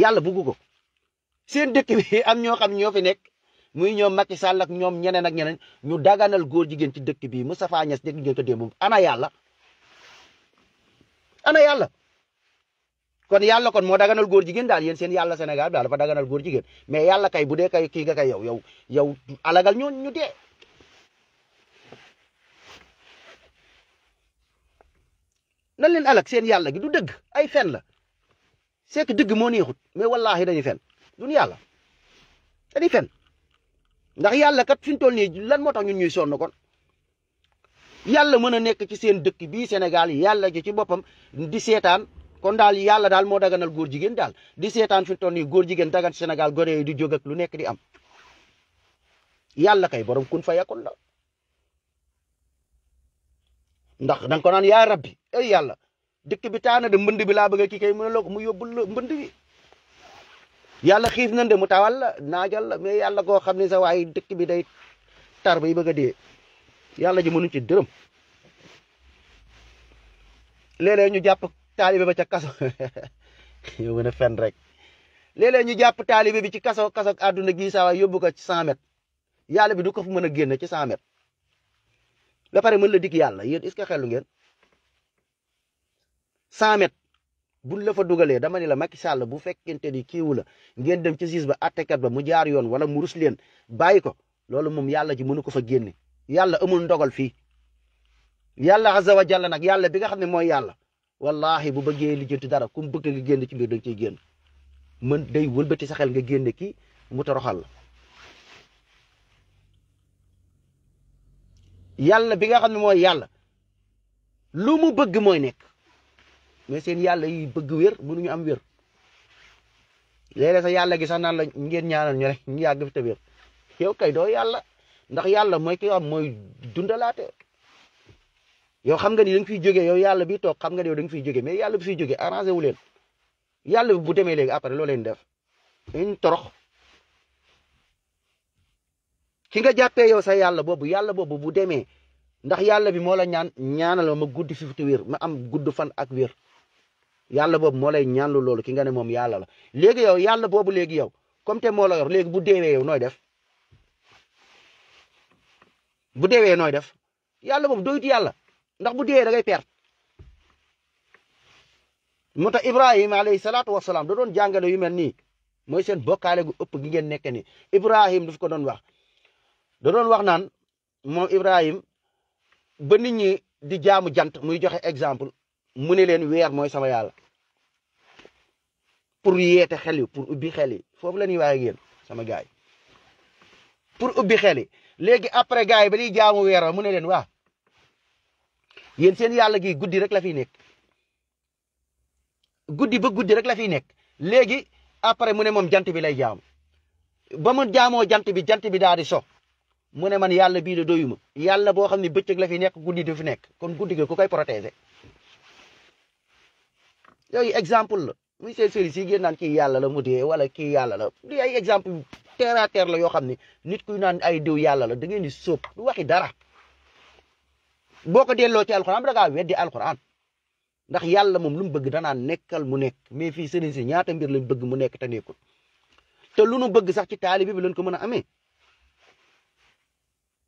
yàlla bugg ko seen dëkk bi am ñoo xam ñoo fi nekk muy ñoom Macky Sall ak ñoom ñeneen ak ñeneen ñu daganal góor jigéen ci dëkk bii Moustapha Niass dégg ngeen ko démb ana yàlla ana yàlla kon yàlla kon moo daganal góor jigéen daal yéen seen yàlla senegal daal dafa daganal góor jigéen mais yàlla kay bu de kay kii nga kay yow yow alagal ñoo ñu dee lan leen alak seen yàlla gi du dëgg ay fen la c'est que dëgg moo neexut mais wallaahi dañuy fen duñu yàlla dañuy fen ndax yàlla kat fi ñu ni lan moo tax ñun ñuy sonn kon yàlla mën a nekk ci seen dëkk bii Sénégal yàlla ji ci boppam di seetaan kon daal yàlla daal moo daganal góor jigéen daal di seetaan fi mu toll nii góor jigéen dagan senegal gone yi di jóg lu nekk di am yàlla kay borom kun fayakun la. ndax da nga ko naan yaa rabbi ay yàlla dëkk bi taana de mbënd bi laa bëgg kii kay mu mu yóbbul la mbënd bi yàlla xiif nañ de mu tawal la naajal la mais yàlla koo xam ne sa waaye dëkk bi day tar bay ba a dee yàlla ji mënuñ ci dërëm léeg-léeg ñu jàpp taalibe ba ca kaso mën a fen rek léeg-léeg ñu jàpp taalibe bi ci kaso kaso àdduna gi saa waay yóbbu ko ci 100 mètres yàlla bi du ko fu mën a génn ci 100 ba pare mën la dig yàlla yéen est ce que xelu ngeen buñ la fa dugalee dama ni la Macky Sall bu fekkente ni kiiwu la ngeen dem ci siis ba attekat ba mu jaar yoon wala mu rus leen bàyyi ko loolu moom yàlla ji mënu ko fa génne yàlla amul ndogal fii yàlla azza wa jalla nag yàlla bi nga xam ne mooy yàlla wallahi bu bëggee lijjanti dara ku mu bëgg nga génn ci biir da nga ciy génn mën day wëlbati sa xel nga génne kii mu toroxal la yàlla bi nga xam ne mooy yàlla lu mu bëgg mooy nekk mais seen yàlla yi bëgg wér mënuñu am wér léeg-léeg sax yàlla gi sax naan la ngeen ñaanal ñu rek ñu te wér yow kay doo yàlla ndax yàlla mooy ki am mooy dundalaate yow xam nga ni da nga fiy jógee yow yàlla bi toog xam nga ni yow da nga fiy jógee mais yàlla bi fiy jógee arrangé wu leen yàlla bu demee léegi après loo leen def dañ torox ki nga jàppee yow sa yàlla boobu yàlla boobu bu demee ndax yàlla bi moo la ñaan ñaanal ma guddi fi te wér ma am gudd fan ak wiir yàlla boobu moo lay ñaanlu loolu ki nga ne moom yàlla la léegi yow yàlla boobu léegi yow comme te moo la yor léegi bu deewee yow nooy def bu deewee nooy def yàlla boobu doyut yàlla ndax bu deewee da ngay perte moo tax Ibrahima alayhi salaatu wasalaam da doon jàngale yu mel nii mooy seen bokkaale gu ëpp gi ngeen nekk nii Ibrahim daf ko doon wax. da doon wax naan moom Ibrahim ba nit ñi di jaamu jant muy joxe exemple mu ne leen weer mooy sama yàlla pour yeete xel yi pour ubbi xel yi foofu la ñuy waaye ak sama gaay yi pour ubbi xel yi léegi après gars yi ba ñuy jaamu weer mu ne leen waa yéen seen yàlla gi guddi rek la fiy nekk guddi ba guddi rek la fiy nekk léegi après mu ne moom jant bi lay jaamu ba mu jaamoo jant bi jant bi daal di so mu ne man yàlla bii de doyuma yàlla boo xam ne bëccëg la fi nekk guddi du fi nekk kon guddi gi ku koy protéger yooyu exemple la muy seen sëriñ si génn naan kii yàlla la mu dee wala kii yàlla la di ay exemple terre la yoo xam ne nit kuy naan ay diw yàlla la da ngeen di sóob du waxi dara boo ko delloo ci alxuraan da ngaa weddi alxuraan ndax yàlla moom lu mu bëgg danaa nekkal mu nekk mais fii sëriñ si ñaata mbir lañ bëgg mu nekk te nekkul te lu nu bëgg sax ci taalibe bi lañ ko mën a amee.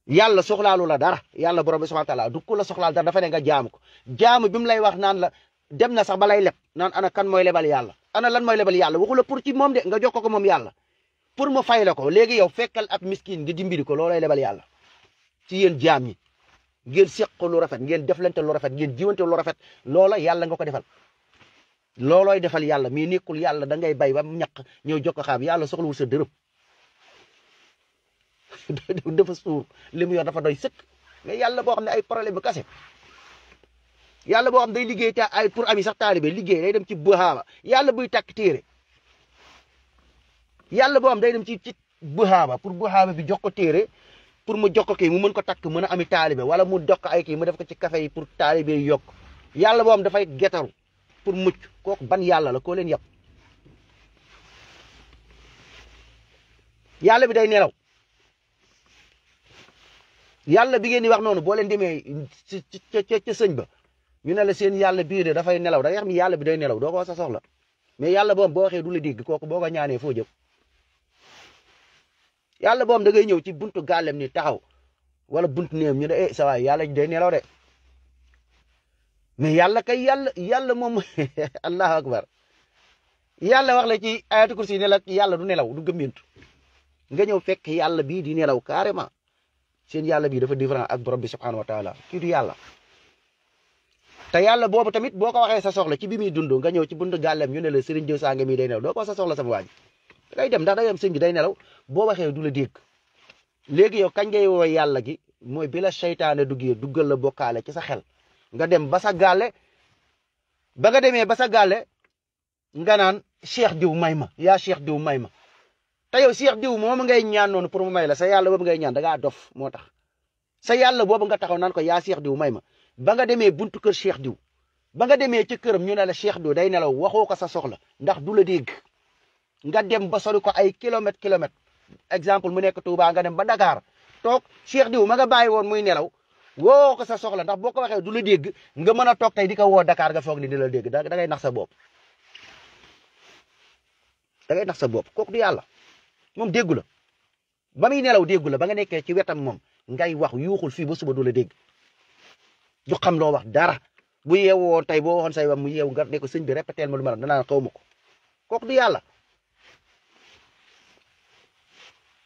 yàlla soxlaalu la dara yàlla borom bi subhanahu wa du ku la soxlaal dara dafa ne nga jaamu ko jaamu bi mu lay wax naan la dem na sax ba lay leb naan ana kan mooy lebal yàlla ana lan mooy lebal yàlla waxu la pour ci moom de nga jokkoo ko moom yàlla pour mu fay la ko léegi yow fekkal ak miskin nga dimbali ko loolay lebal yàlla ci yéen jaam ñi ngeen seq lu rafet ngeen deflante lu rafet ngeen jiwante lu rafet loola yàlla nga ko defal loolooy defal yàlla mais nekkul yàlla da ngay bay ba mu ñàkk ñëw jokko xaam yàlla soxlawul sa dërëm dafa suur li mu yor dafa doy sëkk mais yàlla boo xam ne ay problème bu kase yàlla boo xam day liggéey ta ay pour ami sax taalibe liggéey day dem ci Bahama yàlla buy takk téere yàlla boo xam day dem ci ci Bahama pour Bahama bi jox ko téere pour mu jox ko kii mu mën ko takk mën a ami taalibe wala mu jox ko ay kii mu def ko ci café yi pour taalibe yokk yàlla boo xam dafay getaru pour mucc kooku ban yàlla la koo leen yàpp bi day nelaw yàlla bi ngeen di wax noonu boo leen demee ca ca ca sëñ ba ñu ne la seen yàlla bii de dafay nelaw da nga xam yàlla bi day nelaw doo ko sa soxla mais yàlla boobu boo waxee du la dégg kooku boo ko ñaanee foo jëm yàlla boobu da ngay ñëw ci buntu gàllem ni taxaw wala buntu néem ñu ne eh sa waay yàlla day nelaw de mais yàlla kay yàlla yàlla moom allahu akbar yàlla wax la ci ayatul kursi ne la yàlla du nelaw du gëmmentu nga ñëw fekk yàlla bii di nelaw carrément. seen yàlla bi dafa différent ak borom bi subxanahu wa taala kii du yàlla. te yàlla boobu tamit boo ko waxee sa soxla ci bi muy dund nga ñëw ci buntu gàllam ñu ne la Serigne Diou Sanga mii day nelaw doo ko sa soxla waa ji dem ndax day sëñ bi day nelaw boo waxee du la dégg léegi yow kañ ngay woo yàlla gi mooy bila la seytaane duggee duggal la bokkaale ci sa xel nga dem ba sa gàlle ba nga demee ba sa gàlle nga naan Cheikh Diou may ma yaa Cheikh Diou may ma te yow Cheikh diw moom ngay ñaan noonu pour mu may la sa yàlla boobu ngay ñaan da dof moo tax sa yàlla boobu nga taxaw naan ko yaa Cheikh diw may ma banga nga demee buntu kër Cheikh diw ba nga demee ca këram ñu ne la Cheikh diw day nelaw waxoo ko sa soxla ndax du la dégg nga dem ba sori ko ay kilomètre kilomètre exemple mu nekk Touba nga dem ba Dakar toog Cheikh diw ma nga bàyyi woon muy nelaw woo ko sa soxla ndax boo ko waxee du la dégg nga mën a toog tey di woo dakaar nga foog ni di la dégg da ngay nax sa bopp da ngay sa bopp kooku du yàlla moom déggu la ba muy nelaw déggu la ba nga nekkee ci wetam moom ngay wax yuuxul fii ba suba du la dégg du xam loo wax dara bu yeewoo tey boo waxoon say wax mu yeewu nga ne ko sëñ bi répété ma lu ma la danaa xaw ma ko kooku du yàlla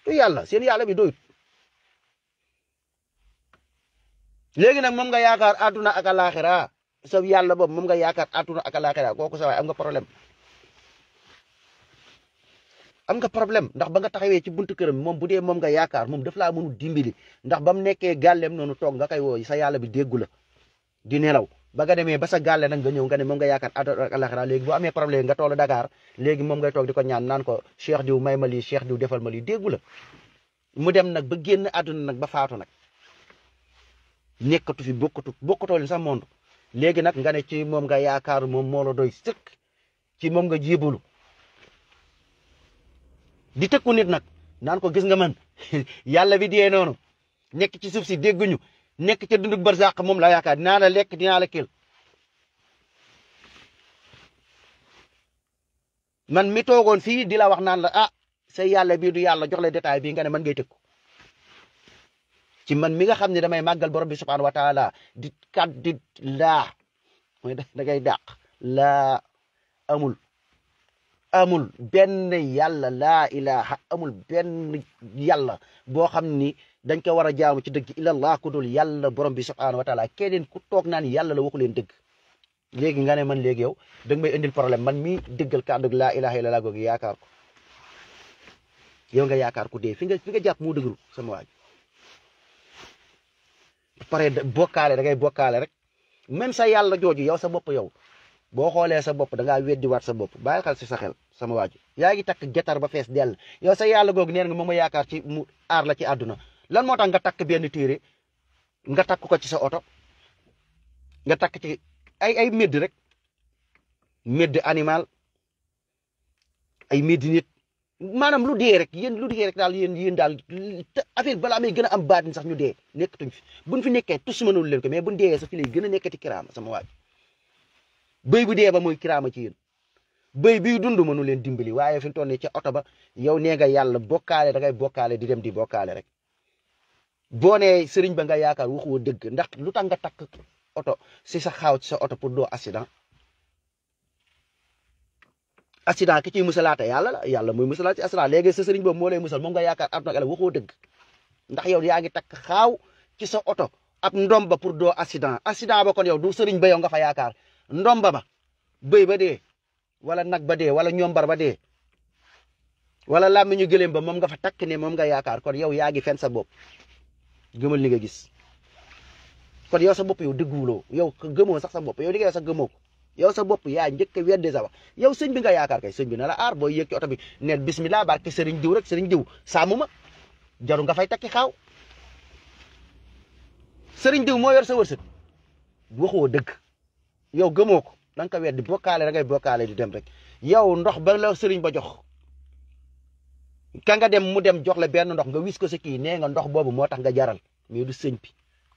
du yàlla seen yàlla bi doyut nga yaakaar àdduna ak alaaxira sa yàlla boobu moom nga yaakaar àdduna ak alaaxira ko sa waay am nga problème am nga problème ndax ba nga taxawee ci buntu këram moom bu dee moom nga yaakaar moom daf laa mënul dimbali ndax ba mu nekkee gàllem noonu toog nga koy woo sa yàlla bi déggu la di nelaw ba nga demee ba sa gàlle nag nga ñëw nga ne moom nga yaakaar àdduna ak boo amee problème nga toll Dakar léegi moom ngay di ko ñaan ko Cheikh Diou may ma lii Cheikh Diou defal ma lii dem nag ba génn àdduna nag ba faatu nag nekkatu fi bokkatu bokkatoo leen sax monde léegi nag nga ne ci moom nga yaakaar moom moo la doy sëkk ci moom nga jébalu di tëkku nit nag nan ko gis nga man yàlla bi dee noonu nekk ci suuf si dégguñu nekk ca dundu barzaq moom laa yaakaar dinaa la lekk dinaa la kil man mi toogoon fii di la wax naan la ah say yàlla bii du yàlla jox la détail bii nga ne man ngay tëkku ci man mi nga xam ne damay màggal borom bi subhaanahu wa taala di kat di laa mooy da ngay dàq laa amul amul benn yàlla laa ilaha amul benn yàlla boo xam ni dañ ko war a jaamu ci dëgg illallah ku dul yàlla borom bi subhaanahu wa taala ku toog naan yàlla la waxu leen dëgg léegi nga ne man léegi yow da nga may indil problème man mi dëggal kàddu laa ilaha illallah googu yaakaar ko yow nga yaakaar ku dee fi nga fi nga jàpp moo sa sama waaj pare bokkaale da ngay bokkaale rek même sa yàlla jooju yow sa bopp yow boo xoolee sa bopp da ngaa weddiwaat sa bopp bàyyi xel si sa xel sama waaju yaa ngi takk getar ba fees dell yow sa yàlla googu neen nga moom ma yaakaar ci mu aar la ci àdduna lan moo tax nga takk benn téere nga takk ko ci sa oto nga takk ci ay ay médd rek médd animal ay médd nit maanaam lu dee rek yéen lu dee rek daal yéen yéen daal affaire balaa may gën a am baatin sax ñu dee nekkatuñ fi buñ fi nekkee tus mënul leen ko mais buñ deewee sax fi lay gën a ti kiraama sama waaju béy bu dee ba mooy kiraama ci yéen bëy biy dund mënu leen dimbali waaye fi mu toll nii ca oto ba yow nee nga yàlla bokkaale dangay bokkaale di dem di bokkaale rek boo nee sëriñ ba nga yaakaar waxoo dëgg ndax lu tax takk oto si sa xaaw ci sa oto pour doo accident accident ki ciy yàlla yàlla mooy musalaat ci accident léegi sa sëriñ boobu moo lay musal moom nga yaakaar at nag waxoo dëgg ndax yow yaa ngi takk xaaw ci sa oto ab ndomba pour doo accident accident ba kon yow du sëriñ ba yow nga fa yaakaar ndomba ba bëy ba dee wala nag ba dee wala ñoombar ba dee wala làmmiñu gëléem ba moom nga takk ne moom nga yaakaar kon yow yaa gi fen sa bopp gëmal li nga gis kon yow sa bopp yow dëgguwuloo yow gëmoo sax sa bopp yow li nga sax gëmoo ko yow sa bopp yaa njëkk a wedde sa wax yow sëñ bi nga yaakaar kay sëñ bi na la aar booy yëg ci oto bi ne bismillah barke sëriñ diw rek sëriñ diw saamu ma jaru nga fay takki xaaw sëriñ diw moo yor sa wërsëg waxoo dëgg yow ko da nga ko weddi bokkaale da ngay bokkaale di dem rek yow ndox ba la sëriñ ba jox kanga dem mu dem jox la benn ndox nga wis ko sa kii nee nga ndox boobu moo tax nga jaral mais du sëñ bi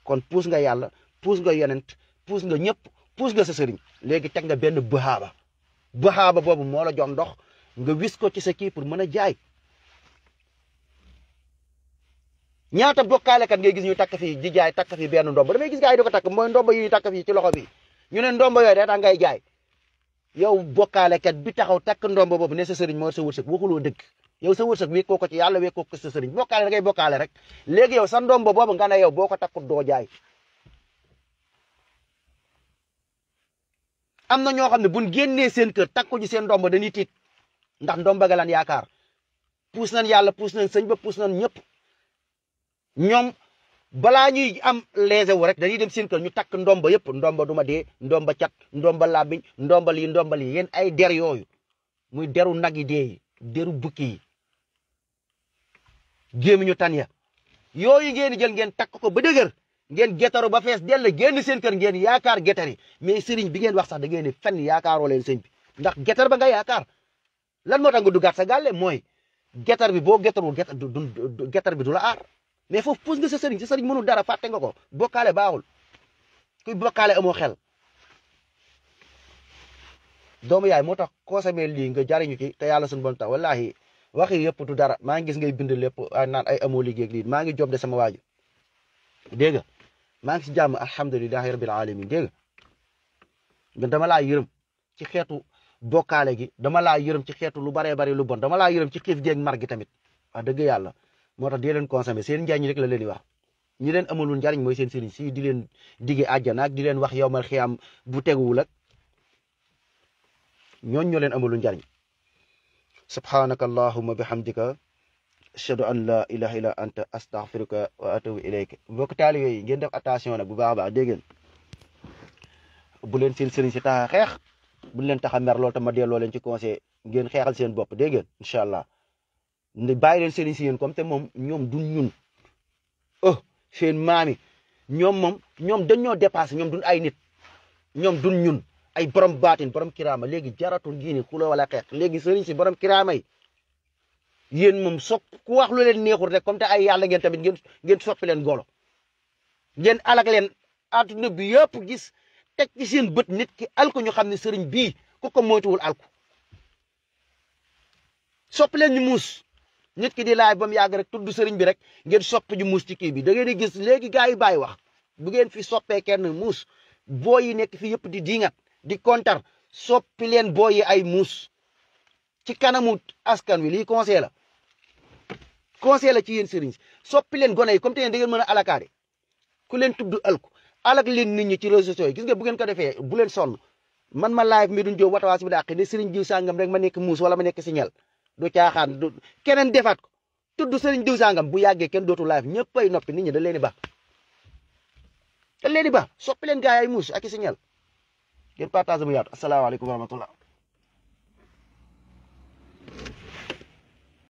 kon puus nga yàlla puus nga yonent puus nga ñëpp puus nga sa sëriñ léegi teg nga benn buxaaba buxaaba boobu moo la jox ndox nga wis ko ci sa kii pour mën a jaay. ñaata bokkaale kat ngay gis ñu takk fii di jaay takk fii benn ndomb damay gis gaa yi di ko takk mooy ndomb yi ñuy takk ci loxo bi. ñu ne ndombo yooyu day tax ngay jaay yow bokkaalekat bi taxaw takk ndombo boobu ne sa sëriñ moo sa wërsëg waxuloo dëgg yow sa wërsëg wékkoo ko ci yàlla wékkoo ko sa sëriñ bokkaale da rek léegi yow sa ndombo boobu nga ne yow boo ko takkut doo jaay. am na ñoo xam ne buñ génnee seen kër takku ji seen ndombo dañuy tiit ndax ndomba ga lan yaakaar puus nañ yàlla puus nañ sëñ ba puus nañ ñëpp balaa ñuy am leesewu rek dañuy dem seen kër ñu takk ndomba yëpp ndomba du ma dee ndomba cat ndomba làmmiñ ndomba lii ndomba lii yéen ay der yooyu muy deru nag yi dee yi deru bukki yi gémmiñu tan ya yooyu ngeen jël ngeen takk ko ba dëgër ngeen getaru ba fees dell génn seen ngeen yaakaar getar yi mais sëriñ bi ngeen wax sax da ngeen di fenn yaakaaroo leen sëñ bi ndax getar ba nga yaakaar lan mo tax du duggaat sa gàlle mooy getar bi boo getarul getar bi du la aar mais foofu pose nga sa sëriñ sa sëriñ mënul dara fàtte nga ko bokkaale baaxul ku bokkaale amoo xel doom yaay moo tax koo lii nga jariñu ki te yàlla suñu bon tax wallahi waxi yëpp du dara maa ngi gis ngay bind lépp ah, naan ay amoo liggéey ak maa ngi jobde sama waaju dégg nga maa ngi si jàmm alhamdulilahi rabbil alamin dégg nga dama laa yërëm ci xeetu bokkaale gi dama laa yërëm ci xeetu lu baree bari lu bon dama laa yërëm ci xiif geeg mar gi tamit wax dëgg yàlla moo tax dee leen consommer seen njariñ rek la leen di wax ñi leen amalul njariñ mooy seen sëriñ si di leen dige àjjana ak di leen wax yow mal xiyaam bu teguwul ak ñooñ ñoo leen amalul njariñ subhanaka allahumma bihamdika ashhadu an la ilaha illa anta astaghfiruka wa atubu ilayk bokk taali yooyu ngeen def attation na bu baax a baax dégg ngeen leen seen sëriñ si tax a xeex bu leen tax a mer lool te ma delloo leen ci conseil ngeen xeexal seen bopp dégg ngeen allah ne bàyyi leen si yéen comme te moom ñoom duñ ñun oh seen maami ñoom moom ñoom dañ ñoo dépassé ñoom duñ ay nit ñoom duñ ñun ay borom baatin borom kiraama léegi jaratul gii ni xuloo wala xeex léegi sëriñ si borom kiraama yi yéen moom soog ku wax lu leen neexul rek comme te ay yàlla ngeen tamit ngeen ngeen soppi golo ngeen alak leen adduna bi yëpp gis teg ci seen bët nit ki alko ñu xam ne sëriñ bii ku ko moytuwul alko soppi leen ñu muus nit ki di laay ba mu yàgg rek tudd sëriñ bi rek ngeen sopp ji muus ci kii bi da ngeen di gis léegi gars yi bàyyi wax bu ngeen fi soppee kenn muus boo yi nekk fi yëpp di diingat di kontar soppi leen boo ay muus ci kanamu askan wi lii conseil la conseil la ci yéen sëriñ soppi leen gone yi comme tey da ngeen mën a alakaade ku leen tudd alku alak leen nit ñi ci réseaux sociaux yi gis nga bu ngeen ko defee bu leen sonn man ma live mi duñ jóg watawaas bi dàq ne sëriñ sàngam rek ma nekk muus wala ma nekk signal du caaxaan du keneen defaat ko tudd sëriñ diw sangam bu yàggee kenn dootu live ñëpp ay noppi ni ñi da leen di baax da leen di baax soppi leen gaa yi ay muus ak i signal ngeen partage bu yaatu asalaamaaleykum wa rahmatullah